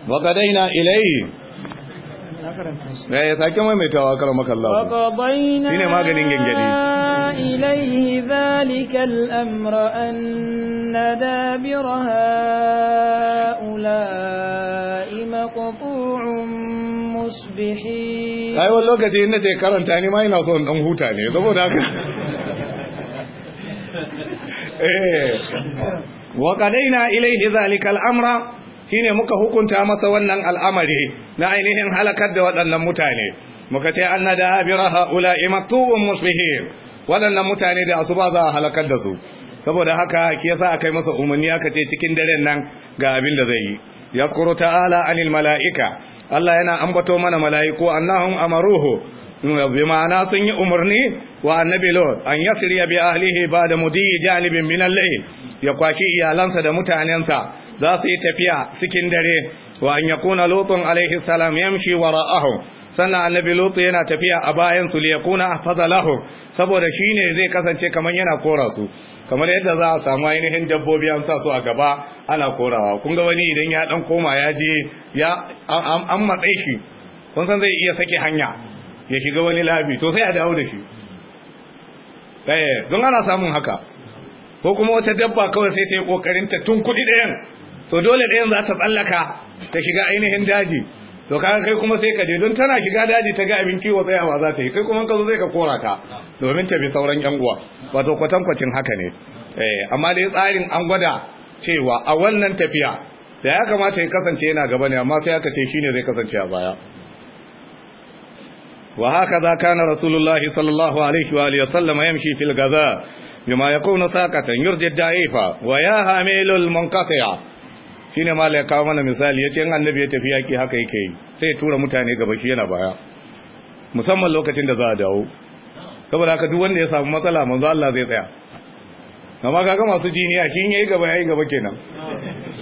wa kadaina ilai ya eh, ya sake tawa kar makalla wa qadayna shine maganin gengedi ilayhi zalikal amra an anna dabiraha ulai maqtu'un musbihin kai wannan lokaci inda sai karanta ne ma ina son dan huta ne saboda haka Eh. wa qadaina ilaihi zalikal amra shine muka hukunta masa wannan al'amari na ainihin halakar da waɗannan mutane muka ce anna da abira haula imattuun musbihin waɗannan mutane da asuba za a halakar da su saboda haka ke yasa akai masa umarni aka ce cikin daren nan ga abin da zai yi yaskuru ta'ala anil mala'ika Allah yana ambato mana mala'iku annahum amaruhu bi ma'ana sun yi umarni wa annabi lot an yasriya bi ahlihi ba da mudi janibin min al-layl ya kwaki iyalansa da mutanensa za su yi tafiya cikin dare wa an yakuna lutun alaihi salam yamshi wara'ahum sannan annabi lutu yana tafiya a bayan su li yakuna ahfaza lahu saboda shine zai kasance kamar yana kora su kamar yadda za a samu ainihin dabbobi an sa su a gaba ana korawa kun ga wani idan ya dan koma ya je ya an matsayi shi kun san zai iya sake hanya ya shiga wani labi to sai a dawo da shi eh don ana samun haka ko kuma wata dabba kawai sai sai yi kokarin ta tun kuɗi ɗayan to dole ɗayan za ta tsallaka ta shiga ainihin daji to kaga kai kuma sai ka je don tana shiga daji ta ga abin kiwo tsayawa za ta yi kai kuma ka zo zai ka kora ta domin ta bi sauran yan uwa wato kwatankwacin haka ne eh amma dai tsarin an gwada cewa a wannan tafiya da ya kamata ya kasance yana gaba ne amma sai aka ce shine zai kasance a baya وهكذا كان رسول الله صلى الله عليه وآله وسلم يمشي في الغزاء بما يكون ساقطا يرجي الضعيف ويا حميل المنقطع شنو mala ya kawo mana misali ان النبي annabi ya tafi yaki haka yake yi sai ya tura mutane مسمى لوكتين yana baya musamman lokacin da za a dawo saboda wanda ya samu matsala manzo Allah zai tsaya amma kaga masu jiniya shi in yayi gaba yayi gaba kenan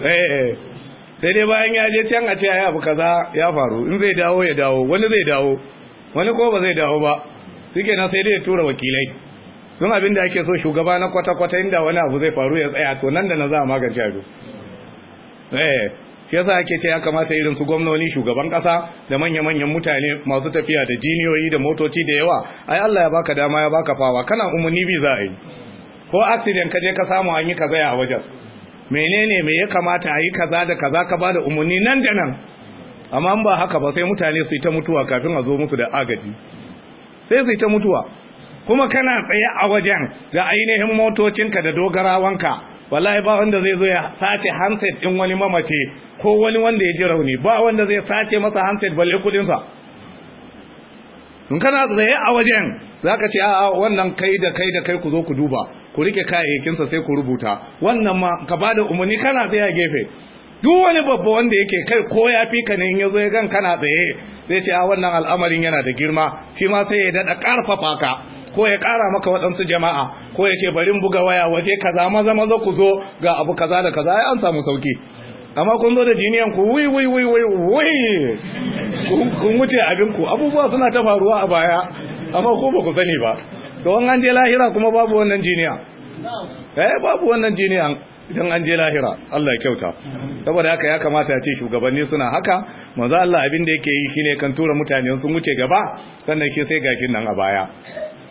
eh sai dai bayan ya je can a ce ya abu kaza ya faru in zai dawo ya dawo wani zai dawo wani ko ba zai dawo ba suke na sai dai ya tura wakilai sun abin da ake so shugaba na kwata-kwata inda wani abu zai faru ya tsaya to nan da na za a magance abu eh shi yasa ake ce ya kamata irin su gwamnoni shugaban kasa da manya-manyan mutane masu tafiya da jiniyoyi da motoci da yawa ai Allah ya baka dama ya baka fawa kana umuni bi za a ko accident ka je ka samu an yi kaza a wajen menene me ya kamata a yi kaza da kaza ka bada umuni nan da nan amma ba haka ba sai mutane su yi ta mutuwa kafin a zo musu da agaji sai su yi ta mutuwa kuma kana tsaye a wajen da ainihin motocinka da dogarawanka wallahi ba wanda zai zo ya sace handset din wani mamace ko wani wanda ya ji rauni ba wanda zai sace masa handset balle sa, in kana tsaye a wajen za ce a wannan kai da kai da kai ku zo ku duba ku rike kayayyakinsa sai ku rubuta wannan ma ka bada da umarni kana tsaye a gefe duk wani babba wanda yake kai ko ya fi ka ne in yazo ya gan kana tsaye zai ce a wannan al'amarin yana da girma shi ma sai ya dada karfafa ka ko ya kara maka waɗansu jama'a ko ya ce bari buga waya waje kaza maza maza ku zo ga abu kaza da kaza ya an samu sauki amma kun zo da jiniyan ku wui wui wui wui wui kun wuce abin ku abubuwa suna ta faruwa a baya amma ko ba ku sani ba to an je lahira kuma babu wannan jiniya eh babu wannan jiniyan idan an je lahira Allah ya kyauta saboda haka ya kamata ya ce shugabanni suna haka manzo Allah abin da yake yi shine kan tura mutane sun wuce gaba sannan shi sai gashin nan a baya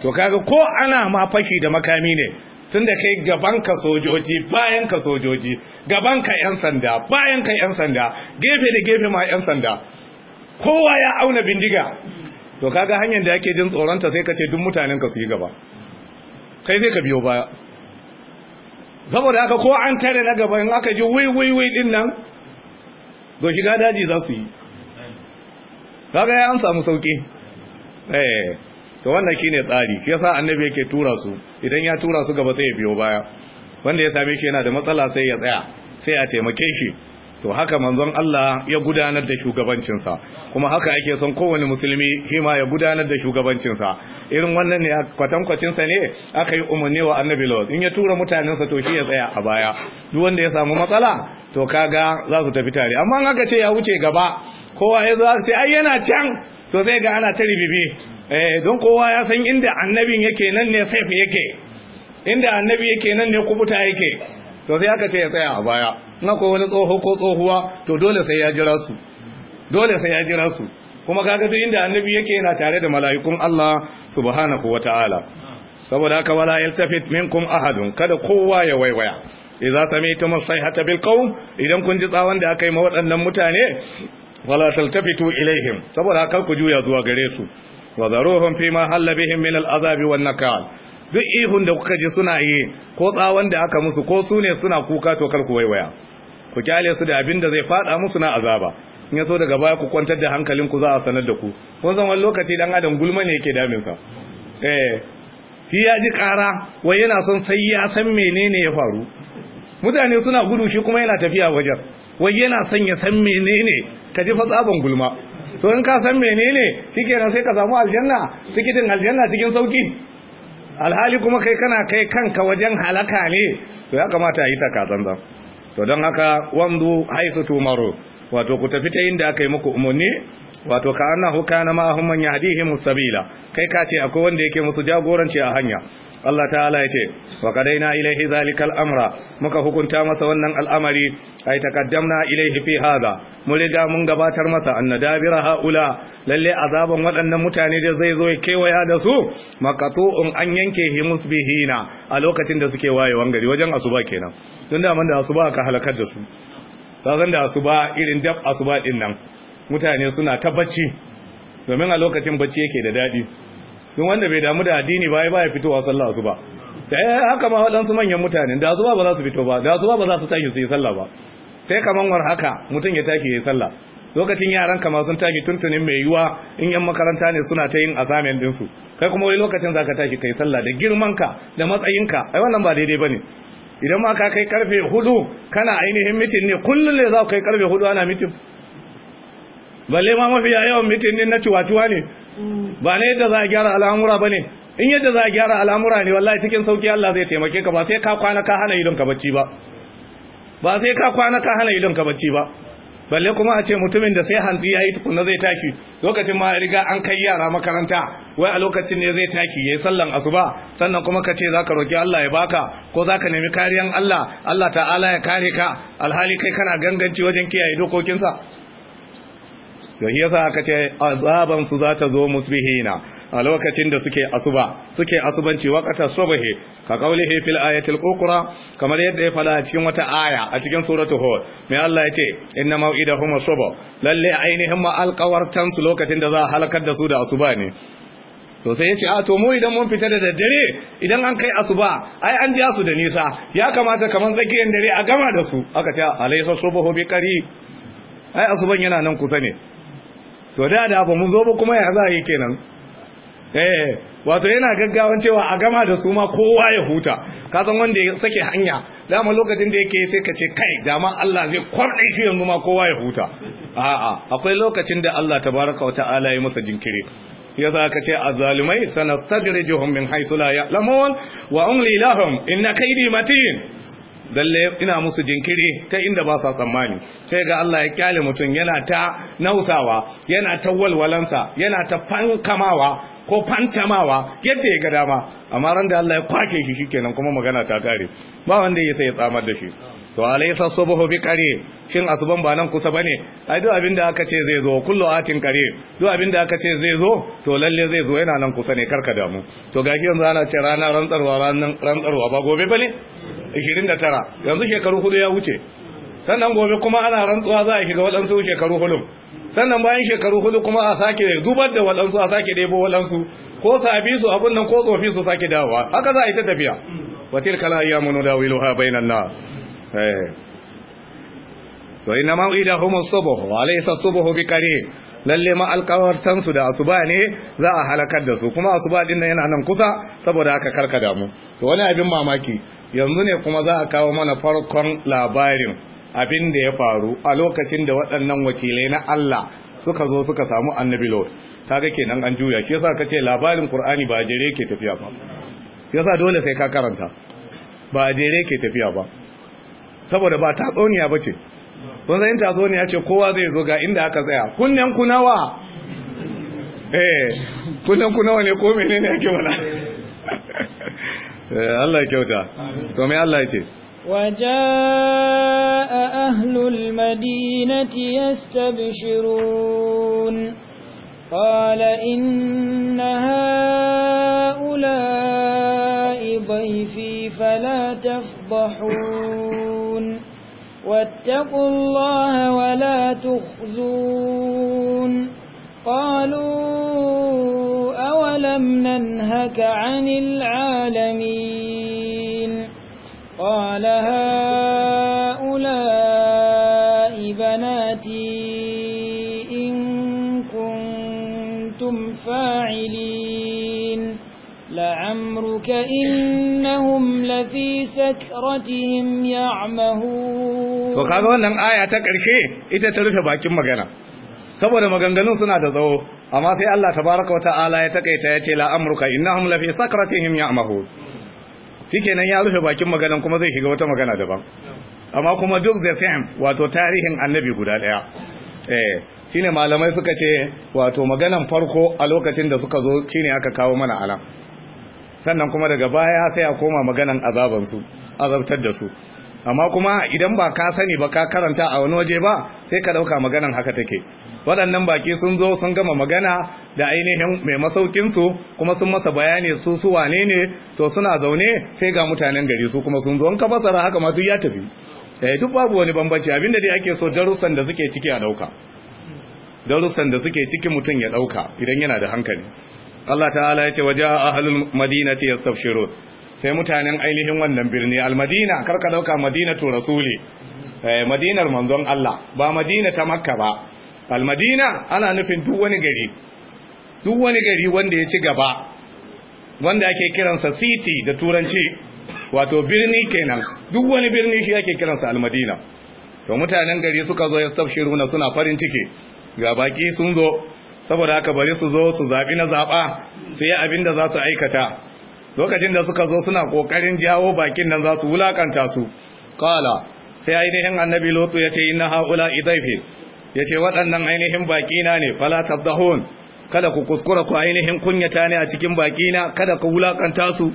to kaga ko ana ma fashi da makami ne tunda kai gaban ka sojoji bayan ka sojoji gaban ka yan sanda bayan ka yan sanda gefe da gefe ma yan sanda kowa ya auna bindiga to kaga hanyar da yake jin tsoronta sai ka ce duk mutanen ka su yi gaba kai sai ka biyo baya saboda aka ko an tare na gaba in aka ji wai wai wai din nan go shiga daji za su yi kaga ya an samu sauki eh to wannan shine tsari shi yasa annabi yake tura su idan ya tura su gaba sai ya biyo baya wanda ya same shi yana da matsala sai ya tsaya sai a taimake shi to haka manzon Allah ya gudanar da shugabancinsa kuma haka ake son kowane musulmi shi ma ya gudanar da shugabancinsa irin wannan ne kwatankwacinsa ne aka yi umarni wa annabi lot in ya tura mutanensa to shi ya tsaya a baya duk wanda ya samu matsala to kaga za su tafi tare amma an aka ce ya wuce gaba kowa ya zo sai ai yana can to zai ga ana ta ribibi eh don kowa ya san inda annabin yake nan ne safe yake inda annabi yake nan ne kubuta yake to sai aka ce ya tsaya a baya Na akwai wani tsoho ko tsohuwa to dole sai ya jira su dole sai ya jira su kuma kaga duk inda annabi yake yana tare da mala'ikun Allah subhanahu wata'ala saboda haka wala yaltafit minkum ahadun kada kowa ya waiwaya idza sami'tum as-sayhata bil qawm idan kun ji tsawon da aka yi ma waɗannan mutane wala taltafitu ilaihim saboda haka ku juya zuwa gare su wa daruhum fi ma halla bihim min al-azabi wan nakal duk ihun da kuka ji suna yi ko tsawon da aka musu ko su ne suna kuka to kar ku waiwaya ku kyale su da abin da zai fada musu na azaba in yaso daga baya ku kwantar da hankalin ku za a sanar da ku kun san wani lokaci dan adam gulma ne yake damin sa eh shi ya ji kara wai yana son sai ya san menene ya faru mutane suna gudu shi kuma yana tafiya wajen wai yana son ya san menene ka ji fatsaban gulma so in ka san menene shikenan sai ka samu aljanna tikitin aljanna cikin sauki alhali kuma kai kana kai kanka wajen halaka ne to ya kamata a yi takatsantsan to don haka wanzu haisu tumaru wato ku tafi ta inda aka yi muku umarni wato ka anna kana ma hum man yahdihim sabila kai ka ce akwai wanda yake musu jagoranci a hanya Allah ta'ala ya ce wa na ilaihi zalikal amra muka hukunta masa wannan al'amari ai takaddamna ilaihi fi hada mun riga mun gabatar masa anna dabira haula lalle azaban waɗannan mutane da zai zo ya kewaya da su maqatu'un an yanke himus bihina a lokacin da suke wayewan gari wajen asuba kenan tunda da asuba ka halakar da su zan da asuba irin dab asuba din nan mutane suna ta bacci domin a lokacin bacci yake da daɗi don wanda bai damu da addini ba ya baya fitowa sallah su ba da ya haka ma wadansu manyan mutane da zuwa ba za su fito ba da zuwa ba za su tashi su yi sallah ba sai kaman war haka mutum ya tashi ya yi sallah lokacin yaran kama sun tashi tuntunin mai yiwa in yan makaranta ne suna ta yin assignment ɗinsu kai kuma wani lokacin zaka ka tashi kai sallah da girmanka da matsayinka ai wannan ba daidai ba ne idan ma ka kai karfe hudu kana ainihin mitin ne kullum ne za ka kai karfe hudu ana mitin balle ma mafi yawan mitin din na ciwatuwa ne ba ne yadda za a gyara al'amura ba ne in yadda za a gyara al'amura ne wallahi cikin sauki Allah zai taimake ka ba sai ka kwana ka hana idon ka bacci ba ba sai ka kwana ka hana idon ka bacci ba balle kuma a ce mutumin da sai hantsi yayi tukunna zai taki lokacin ma riga an kai yara makaranta wai a lokacin ne zai taki yayi sallan asuba sannan kuma ka ce zaka roki Allah ya baka ko zaka nemi kariyan Allah Allah ta'ala ya kare ka alhali kai kana ganganci wajen kiyaye dokokinsa to shi yasa aka ce azaban su za ta zo musbihina a lokacin da suke asuba suke asubanci waqata subhi ka qawlihi fil ayati al kamar yadda ya fada cikin wata aya a cikin suratul hud mai Allah ya ce inna maw'idahum subh lalle ainihin ma su lokacin da za a halakar da su da asuba ne to sai ya ce a to mu idan mun fita da daddare idan an kai asuba ai an ja su da nisa ya kamata kaman tsakiyar dare a gama da su aka ce alaysa subhu bi kari ai asuban yana nan kusa ne to da da ba mu zo ba kuma ya za kenan eh wato yana gaggawan cewa a gama da su ma kowa ya huta ka san wanda ya sake hanya dama lokacin da yake sai ka ce kai dama Allah zai kwarɗe shi yanzu ma kowa ya huta a'a akwai lokacin da Allah tabaraka wa ta'ala ya masa jinkiri ya za ka ce a sanar sanastadrijuhum min haisula ya ya'lamun wa umli lahum inna kaidi matin dalle ina musu jinkiri ta inda ba sa tsammani sai ga Allah ya kyale mutum yana ta nausawa yana ta walwalansa yana ta fankamawa ko fantamawa yadda ya ga dama amma ran da Allah ya kwake shi shikenan kuma magana ta kare ba wanda ya sai ya tsamar da shi to alaysa subhu bi kare. shin asuban ba nan kusa bane ai duk abinda aka ce zai zo kullu atin kare. duk abinda aka ce zai zo to lalle zai zo yana nan kusa ne karka damu to gashi yanzu ana ce ranar rantsarwa ranar rantsarwa ba gobe bane 29 yanzu shekaru hudu ya wuce sannan gobe kuma ana rantsuwa za a shiga waɗansu shekaru hudu sannan bayan shekaru hudu kuma a sake dubar da waɗansu a sake ɗebo waɗansu ko sabi su abin nan ko tsofi su sake dawowa haka za a yi ta tafiya wa tilkal ayyamu nudawiluha bainan nas sai na ma'ida homo sobohu alaisa sobohu bi kare lalle ma su da asuba ne za a halakar da su kuma asuba din nan yana nan kusa saboda haka karka damu to wani abin mamaki yanzu ne kuma za a kawo mana farkon labarin abin da ya faru a lokacin da waɗannan wakilai na Allah suka zo suka samu annabi lord kaga kenan an juya shi yasa kace labarin qur'ani ba jere ke tafiya ba yasa dole sai ka karanta ba jere ke tafiya ba saboda ba tatsuniya ba ce kun ta tatsuniya ce kowa zai zo ga inda aka tsaya kunnen kunawa nawa eh kunnen kunawa nawa ne ko mene ne yake wala [laughs] eh, Allah ya kyauta to me Allah ya ce وجاء ahlul madinati yastabshirun قال إن هؤلاء ضيفي فلا تفضحون واتقوا الله ولا تخزون قالوا أولم ننهك عن العالمين قال هؤلاء بناتي إن كنتم فاعلين لعمرك إنهم لفي سكرتهم يعمهون to kaga wannan aya ta ƙarshe ita ta rufe bakin magana saboda maganganun suna da tsawo amma sai Allah tabaraka wa ta'ala ya takaita ya ce la amruka innahum la fi sakratihim ya'mahun shikenan ya rufe bakin maganan kuma zai shiga wata magana daban amma kuma duk da same wato tarihin annabi guda daya eh shine malamai suka ce wato maganan farko a lokacin da suka zo shine aka kawo mana alam sannan kuma daga baya sai a koma maganan azabansu azabtar da su amma kuma idan ba ka sani ba ka karanta a wani waje ba sai ka ɗauka maganan haka take waɗannan baki sun zo sun gama magana da ainihin mai masaukinsu kuma sun masa bayani su su wane ne to suna zaune sai ga mutanen gari su kuma sun zo an ka fasara haka ma duk ya tafi eh duk babu wani bambanci da dai ake so darussan da suke ciki a dauka darussan da suke ciki mutum ya ɗauka idan yana da hankali Allah ta'ala ya ce waje ahlul madinati yastabshirun sai mutanen ainihin wannan birni almadina karka dauka madinatu rasuli eh, madinar manzon Allah ba madina ta makka ba almadina ana nufin duk wani gari duk wani gari wanda ya ci gaba wanda ake kiransa city da turanci wato birni kenan duk wani birni shi ake kiransa almadina to mutanen gari suka zo ya na suna farin ciki ga baki sun zo saboda haka bari su zo su zabi na zaba su yi abin da za su aikata lokacin da suka zo suna kokarin jawo bakin nan za su wulakanta su Kala sai ainihin annabi lutu yace inna haula idaifi yace waɗannan ainihin baki na ne fala tabdahun kada ku kuskura ku ainihin kunyata ne a cikin baki na kada ku wulakanta su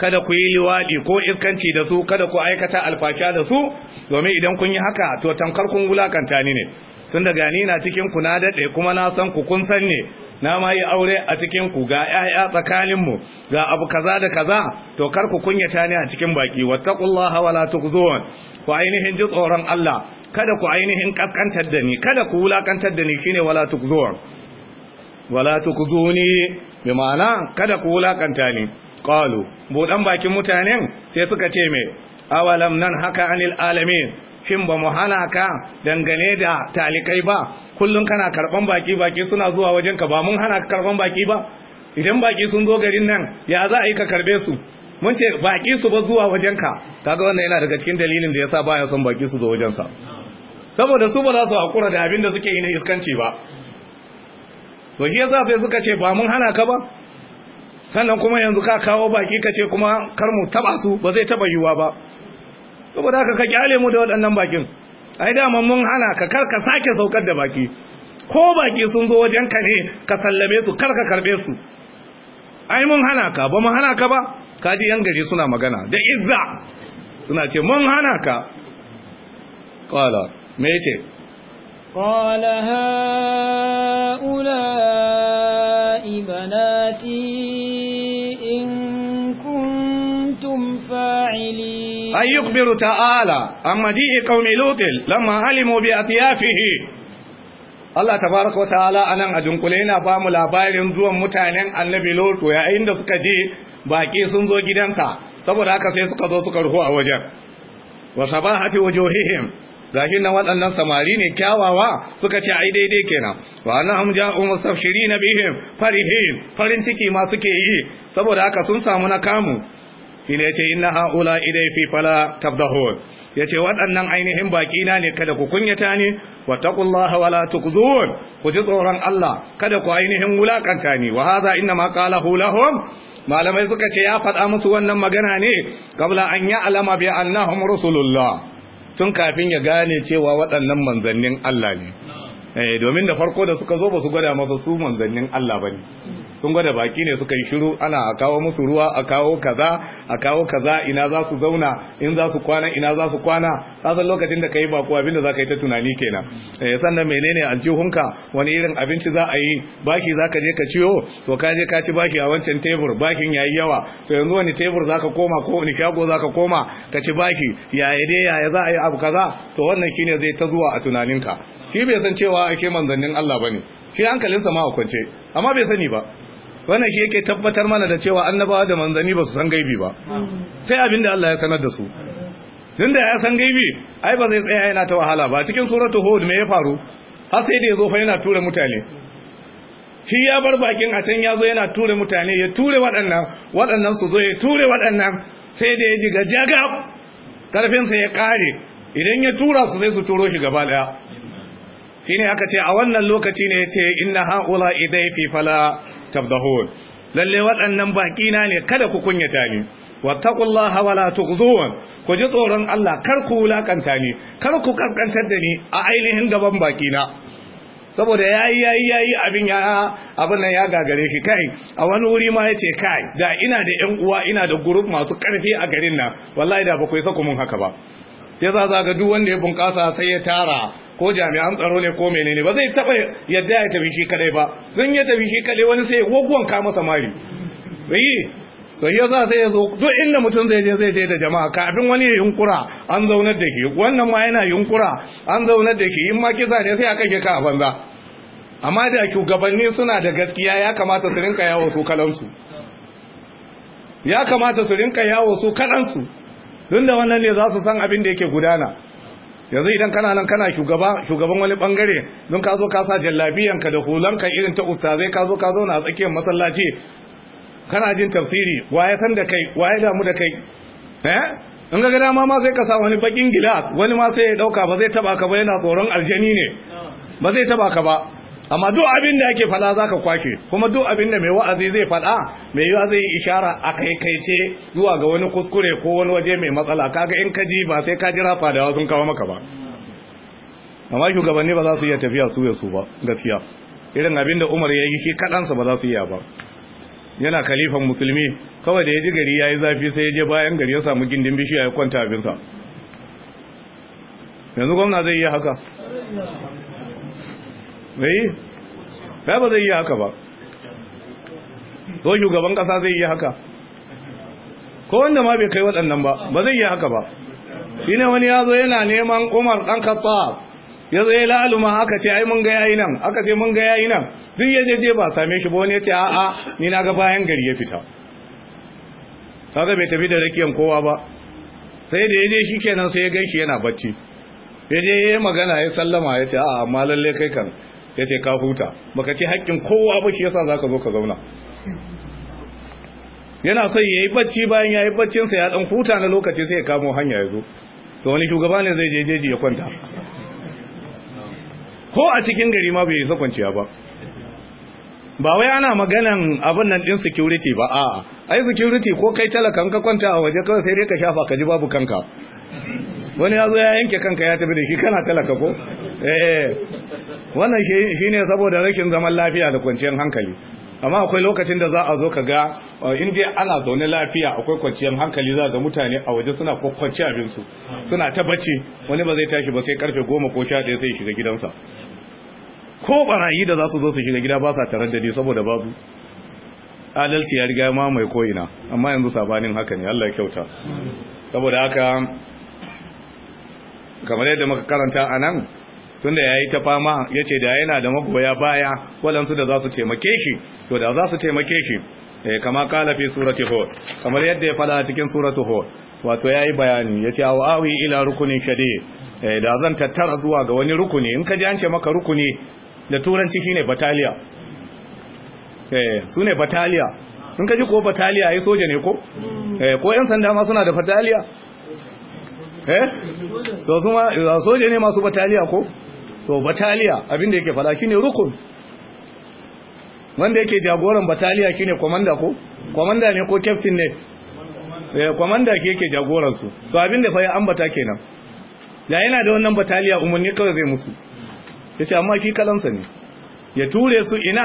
kada ku yi liwaɗi ko iskanci da su kada ku aikata alfaka da su domin idan kun yi haka to tamkar kun wulakanta ni ne tun da gani na cikin ku na daɗe kuma na san ku kun san na ma yi aure a cikin ku ga ƴaƴa tsakanin mu ga abu kaza da kaza to kar ku kunyata ni a cikin baki wattaqullaha wala tukhzun ku ainihin ji tsoron Allah kada ku ainihin kaskantar da ni kada ku wulakantar da ni shine wala tukhzun wala tukhzuni bi ma'ana kada ku wulakanta ni qalu budan bakin mutanen sai suka ce me awalam nan haka anil alamin shin ba mu hana ka dangane da talikai ba kullum kana karban baki baki suna zuwa wajen ka ba mun hana ka karban baki ba idan baki sun zo garin nan ya za a yi ka karbe su mun ce baki su ba zuwa wajen ka kaga wannan yana daga cikin dalilin da yasa baya son baki su zo wajen sa saboda su ba za su hakura da abin da suke yi na iskanci ba to shi yasa sai suka ce ba mun hana ka ba sannan kuma yanzu ka kawo baki ka ce kuma kar mu taba su ba zai taba yiwuwa ba saboda haka ka kyale mu da waɗannan bakin ai da mun hana ka kar ka sake saukar da baki ko baki sun zo wajen ka ne ka sallame su kar ka karbe su ai mun hana ka ba mun hana ka ba ka ji yan gari suna magana da izza suna ce mun hana ka qala me yace qala ula ibanati in kuntum fa'ilin أن يخبر تعالى عن مجيء قوم لوط لما علموا بأطيافه Allah tabaraka wa ta'ala anan a dunkule yana ba mu labarin zuwan mutanen Annabi Lot yayin da suka je baki sun zo gidansa saboda haka sai suka zo suka ruhu a wajen wa sabahati wujuhihim gashi nan waɗannan samari ne kyawawa suka ce ai daidai kenan wa annahum ja'u musafshirina bihim farihin farin ciki ma suke yi saboda haka sun samu na kamu shine yace inna haula idai fi fala tabdahun yace waɗannan ainihin baki na ne kada ku kunyata ne wattaqullaha wala tuqzun ku ji tsoron Allah kada ku ainihin wulakanta ne wa hadha inna ma qalahu lahum malamai suka ce ya faɗa musu wannan magana ne kabla an ya'lama bi annahum rusulullah tun kafin ya gane cewa waɗannan manzannin Allah ne eh, domin da farko da suka zo ba su gwada masa su manzannin Allah bane sun gwada baki ne suka yi shiru ana a kawo musu ruwa a kawo kaza a kawo kaza ina za su zauna in za su kwana ina za su kwana kasan lokacin da ka yi baku abinda za ka yi ta tunani kenan eh sannan menene aljihunka wani irin abinci za a yi baki za ka je ka ciyo to ka je ka ci baki a wancan tebur bakin ya yi yawa to yanzu wani tebur za ka koma ko wani shago za ka koma ka ci baki yaya dai yaya za a yi abu kaza to wannan shine zai ta zuwa a tunaninka shi bai san cewa ake manzannin Allah bane shi hankalinsa ma a kwance amma bai sani ba wannan shi yake tabbatar mana da cewa annabawa da manzanni ba su san gaibi ba sai abinda Allah ya sanar da su da ya san gaibi ai ba zai tsaya yana ta wahala ba cikin suratul hud me ya faru har sai da ya zo fa yana tura mutane shi ya bar bakin a can ya zo yana tura mutane ya ture waɗannan waɗannan su zo ya ture waɗannan sai da ya ji gajaga karfin sa ya kare idan ya tura su sai su turo shi gaba daya shine aka ce a wannan lokaci ne yace inna haula idai fi fala tabdahun lalle waɗannan na ne kada ku kunyata ni wattaqullaha wala tughzun ku ji tsoron Allah kar ku wulakanta ni kar ku karkantar da ni a ainihin gaban na saboda yayi yayi yayi abin ya abin nan ya gagare shi kai a wani wuri ma yace kai da ina da ƴan uwa ina da group masu karfi a garin nan wallahi da ba ku yi sako mun haka ba ya za za ga duk wanda ya bunƙasa sai ya tara ko jami'an tsaro ne ko menene ba zai taɓa yadda ya tafi shi kadai ba zan ya tafi shi kadai wani sai gwaggon ka masa mari yi Sai ya za sai ya zo duk inda mutum zai je zai je da jama'a kafin wani ya yunkura an zaunar da shi wannan ma yana yunkura an zaunar da shi in ma kisa ne sai a ke ka a banza amma da shugabanni suna da gaskiya ya kamata su rinka yawo su kalansu ya kamata su rinka yawo su kalansu don da wannan ne za su san abin da yake gudana yanzu idan kana nan kana shugaba shugaban wani bangare don ka zo ka sa jallabiyanka da hulanka irin ta ustazai ka zo ka zo na tsakiyar masallaci kana jin tafsiri waye san da kai waye damu da kai eh? in ga dama ma sai ka sa wani bakin gilas wani ma sai ya dauka ba zai taba ka ba yana tsoron aljani ne ba zai taba ka ba amma duk abin da yake fada zaka kwashe kuma duk abin da mai wa'azi zai fada mai yiwa zai ishara a kai kai ce zuwa ga wani kuskure ko wani waje mai matsala kaga in ka ji ba sai ka jira fadawa sun kawo maka ba amma shugabanni ba za su iya tafiya su ya su ba gaskiya irin abin da Umar ya yi shi kadansa ba za su iya ba yana kalifan musulmi kawai da ya ji gari ya yi zafi sai ya je bayan gari ya samu gindin bishiya ya kwanta abinsa yanzu gwamna zai yi haka mai eh? ba ba zai yi haka ba zo shugaban kasa zai yi haka ko wanda ma bai kai waɗannan ba ba zai yi haka ba shi ne wani ya zo yana neman umar ɗan kasa ya zo ya la'aluma aka ce ai mun ga yayi nan aka ce mun ga yayi nan duk ya je ba same shi ba wani ya ce a'a ni na ga bayan gari ya fita kaga bai tafi da rakiyan kowa ba sai da ya je shi kenan sai ya shi yana bacci ya je ya yi magana ya sallama ya ce a'a amma lalle kai kan ya ce ka huta baka ce haƙƙin kowa ba shi yasa za ka zo ka zauna yana sai ya yi bacci bayan ya yi baccinsa ya ɗan huta na lokaci sai ya kamo hanya ya zo to wani shugaba ne zai je ya kwanta ko a cikin gari ma bai isa kwanciya ba ba wai ana maganan abin nan din security ba a ai security ko kai talakan ka kwanta a waje kawai sai dai ka shafa ka ji babu kanka wani ya zo ya yanke kanka ya tafi da shi kana talaka ko eh wannan shi ne saboda rashin zaman lafiya da kwanciyar hankali amma akwai lokacin da za a zo ka ga uh, inda ana zaune lafiya akwai kwanciyar hankali za ga mutane a waje suna abin abinsu suna ta bacci wani ba zai tashi ba sai karfe goma ko sha ɗaya sai shiga gidansa ko barayi da za su zo su shiga gida ba sa tare da saboda babu adalci ya riga ma mai ko'ina amma yanzu sabanin haka ne Allah ya kyauta saboda haka kamar yadda muka karanta a nan tunda yayi ta fama yace da yana da magoya baya walansu da za su taimake shi to da za su taimake shi eh, kama kala fi surati hud kamar yadda ya fada cikin suratu hud wato yayi bayani yace aw awi ila rukunin eh da zan tattara zuwa ga wani rukuni in ka ji an ce maka rukuni da turanci shine bataliya eh sune bataliya in ka ji ko bataliya ai soja ne ko eh ko yan sanda ma suna da bataliya eh to kuma soja ne masu bataliya ko to bataliya abinda yake fada shine rukun wanda yake jagoran bataliya shine komanda ko komanda ne ko captain ne eh komanda ke yake jagoran su to abinda fa ya ambata kenan ya yana da wannan bataliya umarni kawai zai musu yace amma ki kalansa ne ya ture su ina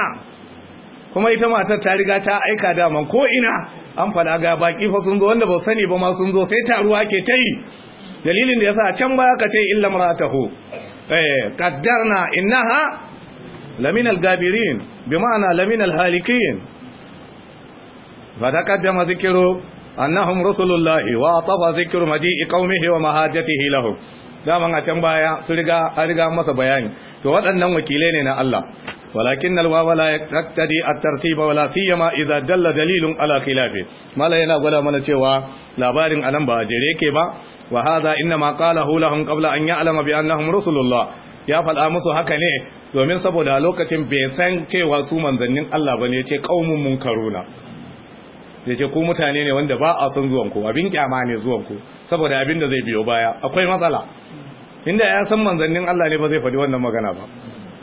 kuma ita matar ta riga ta aika daman ko ina an fada ga baki fa sun zo wanda ba sani ba ma sun zo sai taruwa ke ta yi dalilin da yasa can baya ka ce illa maratahu قدرنا إنها لمن الغابرين بمعنى لمن الهالكين فتقدم ذكر أنهم رسل الله وأطف ذكر مجيء قومه ومهاجته لهم daman a can baya su riga an riga masa bayani to waɗannan wakilai ne na Allah walakin alwawa la yaqtadi at-tartiba wala siyama idza dalla dalilun ala khilafi mala yana gwada mana cewa labarin anan ba jere yake ba wa hadha qala hu lahum qabla an ya'lama bi annahum rusulullah ya fada musu haka ne domin saboda a lokacin bai san cewa su manzannin Allah bane yace qaumun munkaruna yace ku mutane ne wanda ba a son zuwan ku abin kyama ne zuwan ku saboda abin da zai biyo baya akwai matsala inda ya san manzannin Allah ne ba zai faɗi wannan magana ba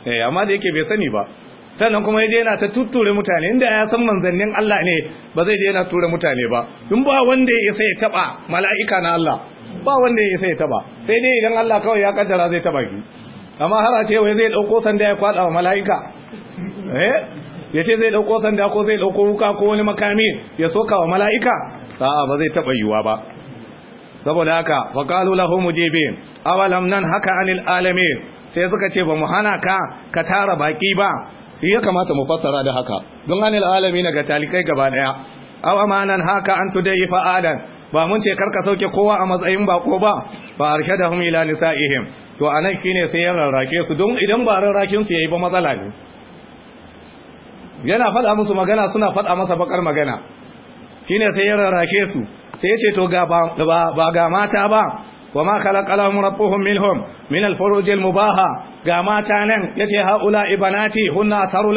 eh amma da yake bai sani ba sannan kuma ya je yana ta tuture mutane inda ya san manzannin Allah ne ba zai je yana tura mutane ba in ba wanda ya sai taba mala'ika na Allah ba wanda ya sai ya ba sai dai idan Allah kawai ya kaddara zai taba ki amma har a ce wai zai dauko sanda ya kwada wa mala'ika eh ya ce zai dauko sanda ko zai dauko wuka ko wani makami ya soka wa mala'ika a'a ba zai taba yiwa ba saboda haka fa qalu lahu mujibin awalam nan haka anil alamin sai suka ce ba mu hana ka ka tara baki ba sai ya kamata mu fassara da haka don anil alamin ga talikai gaba daya aw amanan haka an tudayfa adan ba mun ce karka sauke kowa a matsayin bako ba ba arshadahum ila nisaihim to anan shine sai ya rarrake su don idan ba rarrakin su yayi ba matsala ne yana faɗa musu magana suna faɗa masa bakar magana shine sai ya rarrake su sai ya ce to ga ba ga mata ba wa ma khalaqalahum rabbuhum minhum min al-furuj mubaha ga mata nan yace haula ibanati hunna atharu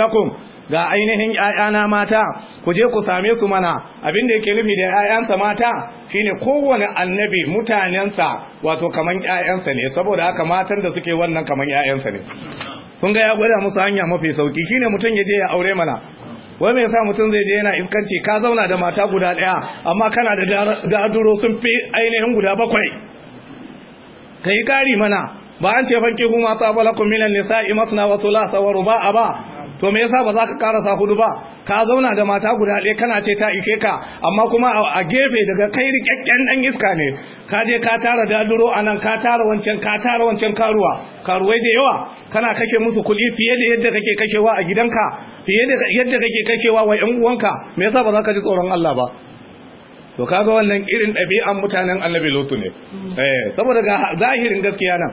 ga ainihin ‘ya'yana mata ku je ku same su mana abin da yake nufi da ‘ya'yansa mata shine kowane annabi mutanensa wato kaman ‘ya'yansa ne saboda haka matan da suke wannan kaman ‘ya'yansa ne kun ga ya gwada musu hanya mafi sauki shine mutum ya je ya aure mana wai mai sa mutum zai je yana iskanci ka zauna da mata guda ɗaya amma kana da daduro sun fi ainihin guda bakwai ka yi kari mana ba an ce fanki kuma sabalakun minan nisa'i masna wasu lasa wa ruba'a ba to me yasa ba za ka karasa hudu ba ka zauna da mata guda ɗaya kana ce ta ike ka amma kuma a gefe daga kai rikakken dan iska ne ka je ka tara duro a nan ka tara wancan ka tara wancan karuwa karuwai da yawa kana kashe musu kuɗi fiye da yadda kake kashewa a gidanka fiye da yadda kake kashewa wa ƴan uwanka me yasa ba za ka ji tsoron Allah ba to kaga wannan irin ɗabi'an mutanen annabi lutu ne mm. eh saboda ga zahirin gaskiya nan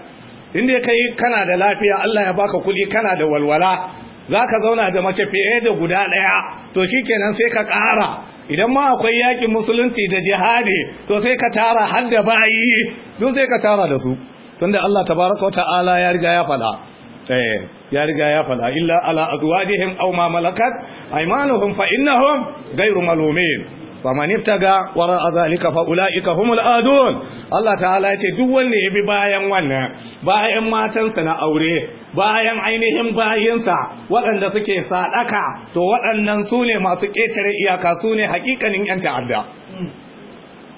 inda kai kana da lafiya Allah ya baka kuɗi kana da walwala za ka zauna da mace fiye da guda ɗaya to shi kenan sai ka ƙara idan ma akwai yakin musulunci da jihadi to sai ka tara har da bayi duk sai ka tara da su tunda Allah tabaraka ta'ala ya riga ya faɗa eh ya riga ya faɗa illa ala azwajihim aw ma malakat aymanuhum fa innahum ghayru malumin faman iftaga wara zalika fa ulaika humul adun Allah ta'ala ya ce duk wanda ya bi bayan wannan bayan matansa na aure bayan ainihin bayinsa waɗanda suke sadaka to waɗannan su ne masu ƙetare iyaka su ne hakikanin yan ta'adda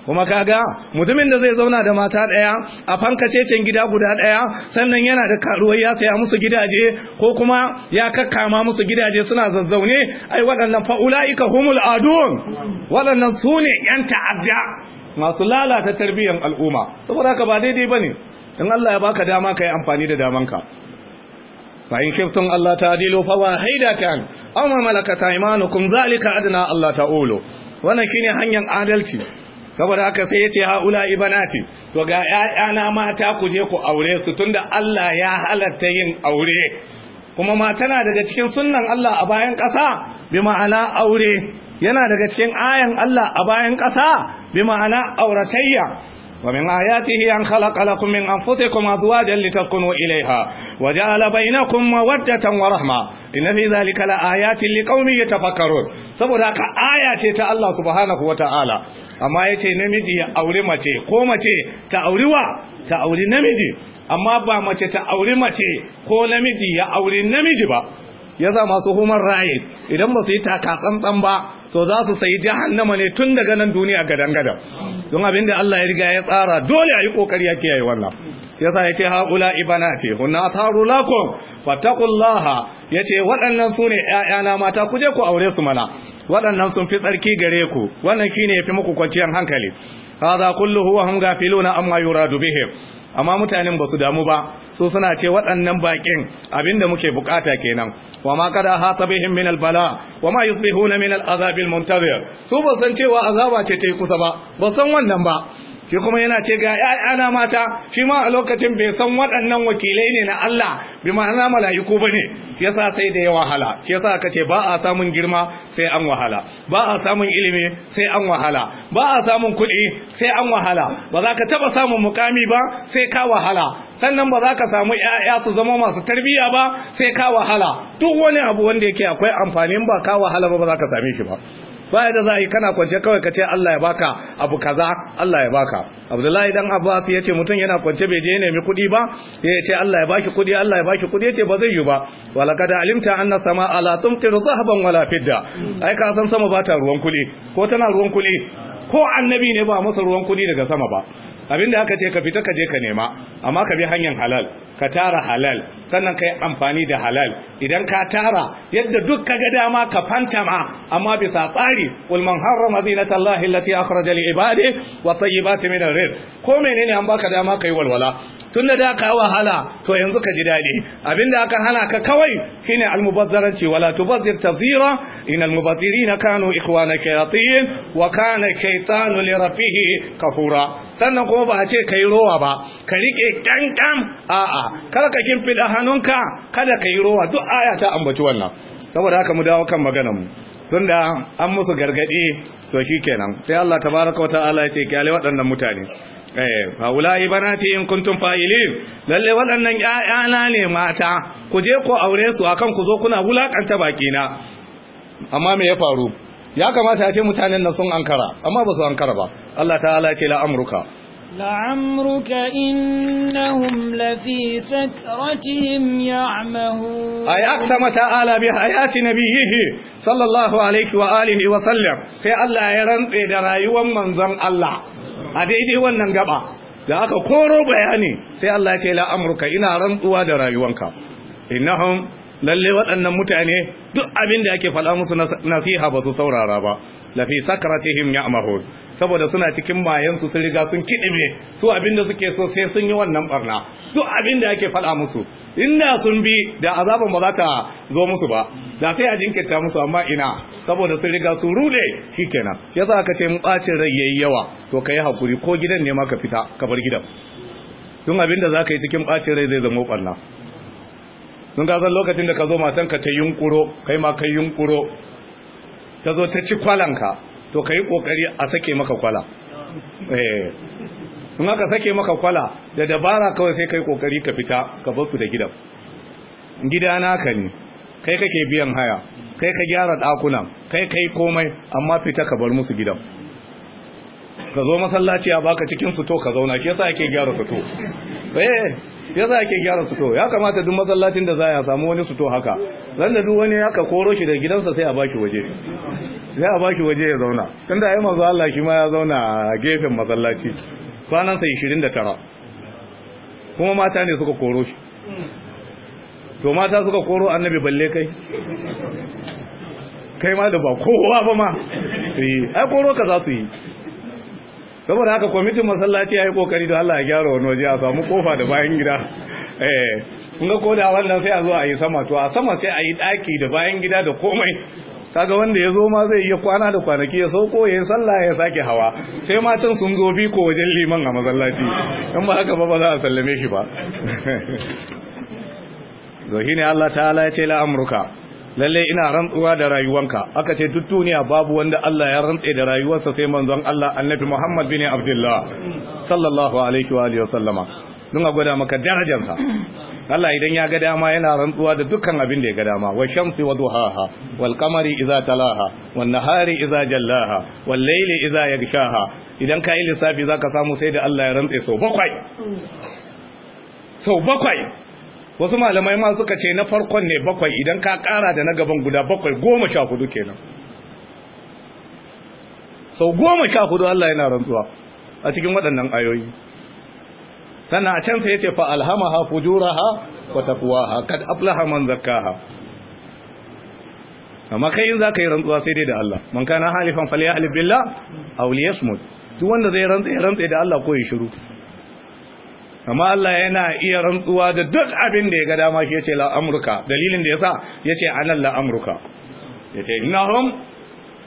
kuma kaga mutumin da zai zauna da mata daya a fankacecen gida guda daya sannan yana da karuwar ya saya musu gidaje ko kuma ya kakkama musu gidaje suna zazzaune ai waɗannan fa'ula'ika humul adun waɗannan su ne yan ta'adda masu lalata tarbiyyar al'umma saboda haka ba daidai bane in Allah ya baka dama ka yi amfani da damanka fa in khiftum Allah ta'dilu fa wahidatan aw ma malakat aymanukum zalika adna Allah ta'ulu wannan shine hanyar adalci saboda aka sai ya ce haula ibanati to ga ƴaƴana mata ku je ku aure su tunda Allah ya halatta yin aure kuma ma tana daga cikin sunnan Allah a bayan ƙasa bi ma'ana aure yana daga cikin ayan Allah a bayan ƙasa bi ma'ana auratayya ومن آياته أن خلق لكم من أنفسكم أزواجا لتسكنوا إليها وجعل بينكم مودة ورحمة إن في ذلك لآيات لقوم يتفكرون saboda ka aya ce ta Allah subhanahu wataala amma yace namiji ya aure mace ko mace ta auriwa ta auri namiji amma ba mace ta auri mace ko namiji ya auri namiji ba ya za masu human right idan ba su yi taka tsantsan ba to za su sayi jahannama ne tun daga nan duniya gadan gadan don abin da Allah ya riga ya tsara dole ayi yi kokari ya kiyaye wannan sai yasa yace ibana ibanati hunna taru lakum ya yace waɗannan ne ƴaƴana mata ku je ku aure su mana waɗannan sun fi tsarki gare ku wannan shine yafi muku kwanciyar hankali hadha kullu huwa hum gafiluna amma yuradu bihim amma mutanen ba su damu ba su suna ce waɗannan baƙin abinda muke bukata kenan wa ma kada hasabihim min albala wa ma yusbihuna min al'azab almuntazir su ba san cewa azaba ce ta yi kusa ba ba san wannan ba shi kuma yana ce ga ‘ya'yana mata shi ma a lokacin bai san waɗannan wakilai ne na Allah bi ma'ana mala'iku ba ne shi yasa sai da ya wahala shi yasa aka ce ba a samun girma sai an wahala ba a samun ilimi sai an wahala ba a samun kuɗi sai an wahala ba za ka taɓa samun mukami ba sai ka wahala sannan ba za ka samu ‘ya'ya su zama masu tarbiyya ba sai ka wahala duk wani abu wanda yake akwai amfanin ba ka wahala ba ba za ka same shi ba ba da za a yi kana kwance kawai ka ce Allah ya baka abu kaza Allah ya baka Abdullahi dan Abbas ya ce mutum yana kwance bai je nemi kuɗi ba ya ce Allah ya baki kuɗi Allah ya baki kuɗi ya ce ba zai yi ba wala alimta anna samaa la tumtiru zahaban wala fidda ai ka san sama ba ta ruwan kuɗi ko tana ruwan kuɗi ko annabi ne ba masa ruwan kuɗi daga sama ba abinda aka ce ka fita ka je ka nema amma ka bi hanyar halal ka tara halal sannan ka yi amfani da halal idan ka tara yadda duk ka ga dama ka fantama amma bisa tsari ulman man harrama zinatallahi allati akhraja li ibadi wa tayyibati min ar ko menene an baka dama kai walwala tunda da ka wahala to yanzu ka ji dadi abinda aka hana ka kawai shine almubazzaranci wala tubazzir tazira inal mubazzirina kanu ikhwana shayatin wa kana shaytanu li rabbih kafura sannan kuma ba a ce kai rowa ba ka rike kankam a'a kada ka kimfida hannunka kada ka yi rowa duk aya ta ambaci wannan saboda haka mu dawo kan maganar mu tunda an musu gargadi to shikenan sai Allah tabaraka wa ta'ala ya ce kyale waɗannan mutane eh, haulayi banati in kuntum fa'ilin lalle waɗannan ƴaƴana ne mata ku je ku aure su akan ku zo kuna wulakanta na. amma me ya faru ya kamata ya ce mutanen nan sun ankara amma ba su ankara ba Allah ta'ala ce la amruka لعمرك إنهم لفي سكرتهم يعمهون أي أقسم تعالى بحياة نبيه صلى الله عليه وآله وسلم في الله يرن إدراي ومن ذن الله هذه دي ونن قبع da aka koro bayani sai Allah ya ce la amruka ina rantsuwa da rayuwanka innahum lalle waɗannan mutane duk abin da yake faɗa musu nasiha ba su saurara ba lafi sakaratihim ya'mahun saboda suna cikin mayansu sun riga sun kidime su abinda suke so sai sun yi wannan barna duk abinda yake fada musu inda sun bi da azaban ba za ta zo musu ba da sai a jinkirta musu amma ina saboda sun riga su rude shikenan ya yasa ka ce mu bacin rai yayi yawa to kai hakuri ko gidan ne ma ka fita ka bar gidan tun abinda ka yi cikin bacin rai zai zama barna tun ga zan lokacin da ka zo matanka ta yunkuro kai ma kai yunkuro ta zo ta ci kwalanka to ka yi ƙoƙari a sake maka kwala eh. in aka sake maka kwala da dabara kawai sai ka yi kokari ka fita ka bar su da gidan gida naka ne kai kake biyan haya kai ka gyara dakunan kai kai komai amma fita ka bar musu gidan ka zo masallaci a baka cikin su to ka zauna ke sa ake gyara su to eh ya za ake gyara suto ya kamata duk masallacin da za a samu wani suto haka zan da duk wani ka koro shi da gidansa sai a baki waje sai a baki waje ya zauna tun da ya mazu Allah shi ma ya zauna a gefen masallaci kwanansa 29 kuma mata ne suka koro shi to mata suka koro annabi balle kai kai ma da ba kowa ba ma eh, ai koro ka za su yi saboda haka kwamitin masallaci ya yi kokari da Allah ya gyara wani waje a samu kofa da bayan gida eh kun ga ko da wannan sai a zo a yi sama to a sama sai a yi daki da bayan gida da komai kaga wanda ya zo ma zai iya kwana da kwanaki ya sauko ya yi sallah ya sake hawa sai matan sun zo bi ko wajen liman a masallaci in ba haka ba ba za a sallame shi ba [laughs] to shine Allah ta'ala ya ce la amruka Lallai ina rantsuwa da rayuwanka aka ce duniya babu wanda Allah ya rantse da rayuwarsa sai manzon Allah annabi Muhammad bin Abdullah sallallahu alaihi wa alihi wasallama don a gwada maka darajarsa Allah idan ya ga dama yana rantsuwa da dukkan abin da ya ga dama wa shamsi wa duhaha wal qamari idza talaha wan nahari idza jallaha wal layli idza yaghshaha idan ka yi lissafi zaka samu sai da Allah ya rantse sau bakwai sau bakwai wasu malamai ma suka ce na farkon ne bakwai idan ka kara da na gaban guda bakwai goma sha hudu kenan sau goma sha hudu Allah yana rantsuwa a cikin waɗannan ayoyi sannan a can sai ya ce fa alhama fujura ha wa ha kad aflaha man zakkaha amma kai in zaka yi rantsuwa sai dai da Allah man kana halifan falyahlif billah aw liyasmut duk wanda zai rantsa ya rantsa da Allah ko ya shiru amma Allah yana iya rantsuwa da duk abin da ya ga dama shi yace la amruka dalilin da yasa yace anan la amruka yace innahum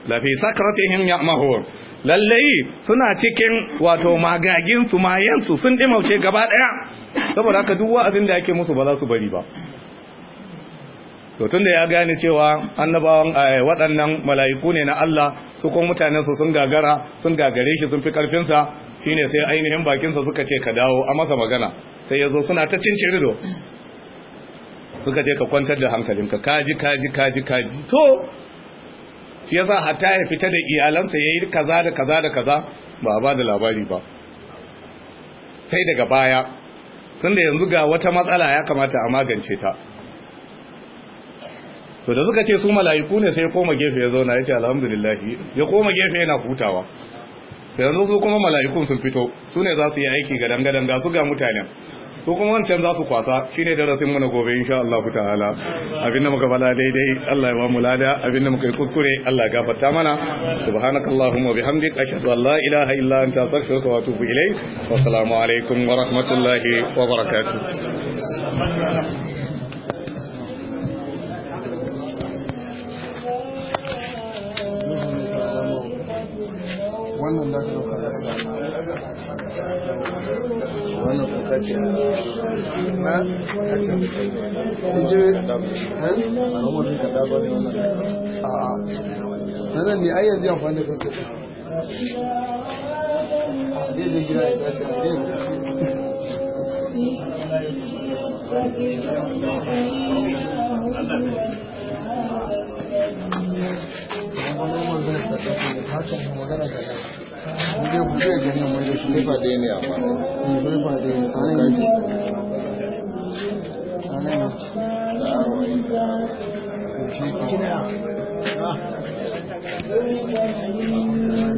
la fi sakratihim ya'mahun lallai suna cikin wato magagin su mayan sun dimauce gaba daya saboda haka duk wa'azin da yake musu ba za su bari ba to tunda ya gane cewa annabawan eh, waɗannan mala'iku ne na Allah su kuma mutanen su sun gagara sun gagare shi sun fi karfin sa shine sai ainihin bakinsa suka ce ka dawo a masa magana sai ya zo suna ta cin cirido suka ce ka kwantar da hankalinka kaji kaji kaji kaji to shi sa hatta ya fita da iyalansa ya yi kaza da kaza da kaza ba ba da labari ba sai daga baya tun da yanzu ga wata matsala ya kamata a magance ta to da suka ce su mala'iku ne sai ya koma gefe ya zauna ya ce alhamdulillahi ya koma gefe yana hutawa yanzu su kuma mala'ikun sun fito su ne za su yi aiki ga danga ga su ga mutanen su kuma wancan za su kwasa shine darasin mu na gobe insha Allah ta'ala abin da muka bala daidai Allah ya ba mu lada abin da muka yi kuskure Allah ya gafarta mana subhanakallahumma bihamdik ashhadu an la ilaha illa anta astaghfiruka wa atubu ilayk wa assalamu alaikum wa rahmatullahi wa barakatuh wannan da ka dauka da wannan ko ka ce na ka ce eh ne wannan a a nan ne da wani magana da ta kuma haka magana da ta bude bude gani mai da shi ba da ne amma ne ba da ne sai ne sai ne da arwai